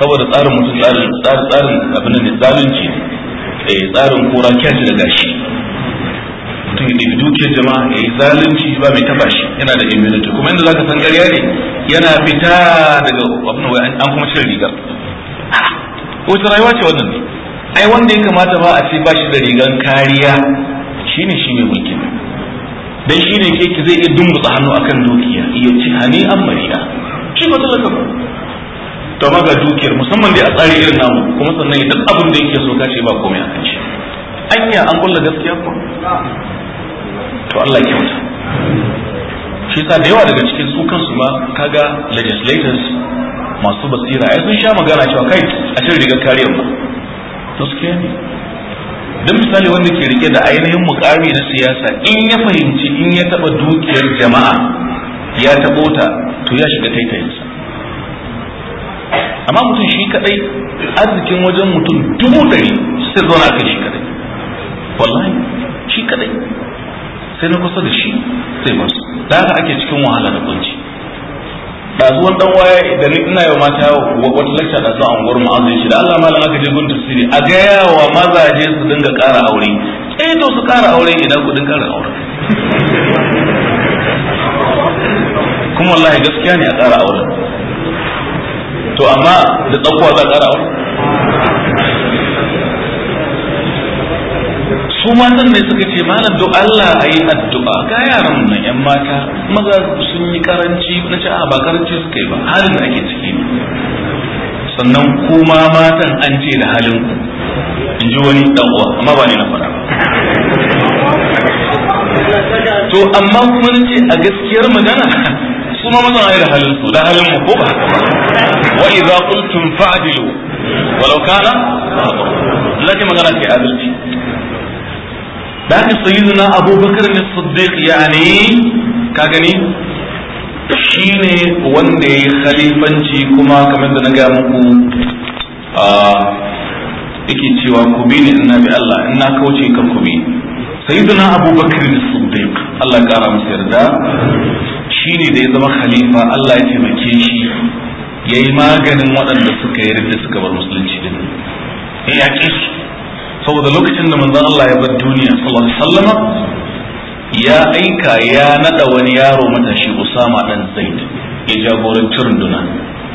Speaker 1: saboda tsarin mutum tsarin tsarin tsarin abin da zalunci eh tsarin kura kyanci da gashi mutum ya ɗebi dukiyar jama'a ya zalunci ba mai taba shi yana da immunity kuma inda zaka san kariya ne yana fita daga abin da an kuma cire rigar wata rayuwa ce wannan ne ai wanda ya kamata ba a ce ba shi da rigan kariya shine shi mai mulkin dan shi ne ke zai iya dumbutsa hannu akan dukiya iya ci hani an mariya shi ba zai ba to ma ga dukiyar musamman da a tsari irin namu kuma sannan ya duk abin da yake so ka ce ba komai akan shi anya an kulla gaskiya ko to Allah ya kyauta shi sa da yawa daga cikin su kansu ma kaga legislators masu basira ai sun sha magana cewa kai a cire rigar kariyar ba to suke ne dan misali wanda ke rike da ainihin mukami na siyasa in ya fahimci in ya taba dukiyar jama'a ya tabo ta to ya shiga taitayinsa amma mutum shi kadai arzikin wajen mutum dubu dari sai zauna kai shi kadai wallahi shi kadai sai na kusa da shi sai masu da haka ake cikin wahala da kunci ɗazuwan dan waya da ni ina yau mata wata lacca da zuwa unguwar mu'azzin shi da Allah malam aka je gun tafsiri a gaya wa mazaje su dinga ƙara aure
Speaker 2: eh to su ƙara aure idan
Speaker 1: ku dinga ƙara aure kuma wallahi gaskiya ne a ƙara aure to amma da tsakuwa za a ƙara aure su matan ne suka ce malam do Allah a yi addu'a ga yaran nan yan mata maza sun yi karanci na ci a ba karanci suka yi ba halin ake ciki sannan kuma matan an ce da halin ku in ji wani dan uwa amma ba ne na faɗa to amma kuma na ce a gaskiyar magana su ma mazan ayi da halin su da halin mu ko ba wa idza qultum fa'dilu walau kana lati magana ke adalci da ka sayyiduna abubakar ne siddiq yani ka gani shine wanda ya yi khalifanci kuma kamar da na ga muku yake cewa ku bi ni ina bi Allah ina kauce kan ku bi sayyiduna abubakar ne siddiq Allah ya kara masa yarda shine da ya zama khalifa Allah ya taimake shi yayi maganin waɗanda suka yarda suka bar musulunci din ya yaƙe saboda lokacin da manzon Allah ya bar duniya sallallahu alaihi wasallam ya aika ya nada wani yaro matashi Usama dan Zaid ya jagoranci runduna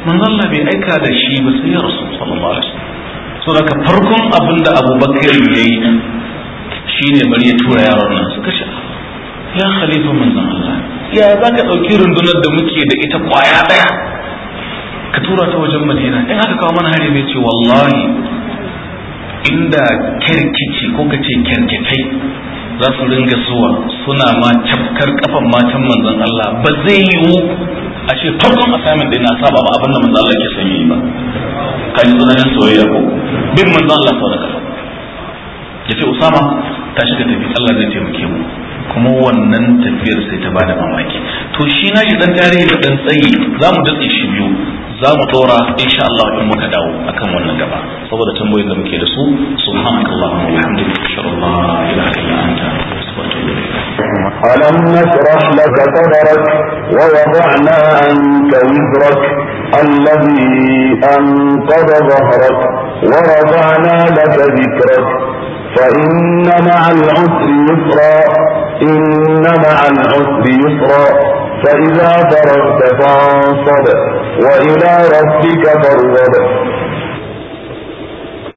Speaker 1: manzon Allah bai aika da shi ba sai ya rasu sallallahu alaihi wasallam ka farkon abin da Abubakar yayi shine bari ya tura yaron nan suka ce ya khalifa manzon Allah ya zaka dauki rundunar da muke da ita kwaya daya ka tura ta wajen Madina in aka kawo mana hari ne ce wallahi inda kirkici ko ka ce kirkitai za su ringa zuwa suna ma kafan matan manzon Allah ba zai yiwu a ce farkon assignment din na saba ba abin da manzon Allah ke ba ka yi tsananin soyayya ko bin manzon Allah sau da kafa ya ce Usama tashi ka tafi Allah zai taimake mu kuma wannan tafiyar sai ta bada mamaki to shi na shi dan tarihi da dan tsayi za mu datse shi biyu za mu dora insha Allah in muka dawo akan wannan gaba saboda tambayoyin da muke da su subhanakallahumma
Speaker 3: wa bihamdika ashhadu la ilaha illa anta
Speaker 2: ألم نشرح لك صدرك ووضعنا عنك وزرك الذي أنقض ظهرك ورفعنا لك ذكرك فإن مع العسر يسرا إن مع العسر
Speaker 3: يسرا فإذا فرغت فانصب وإلى ربك فارغب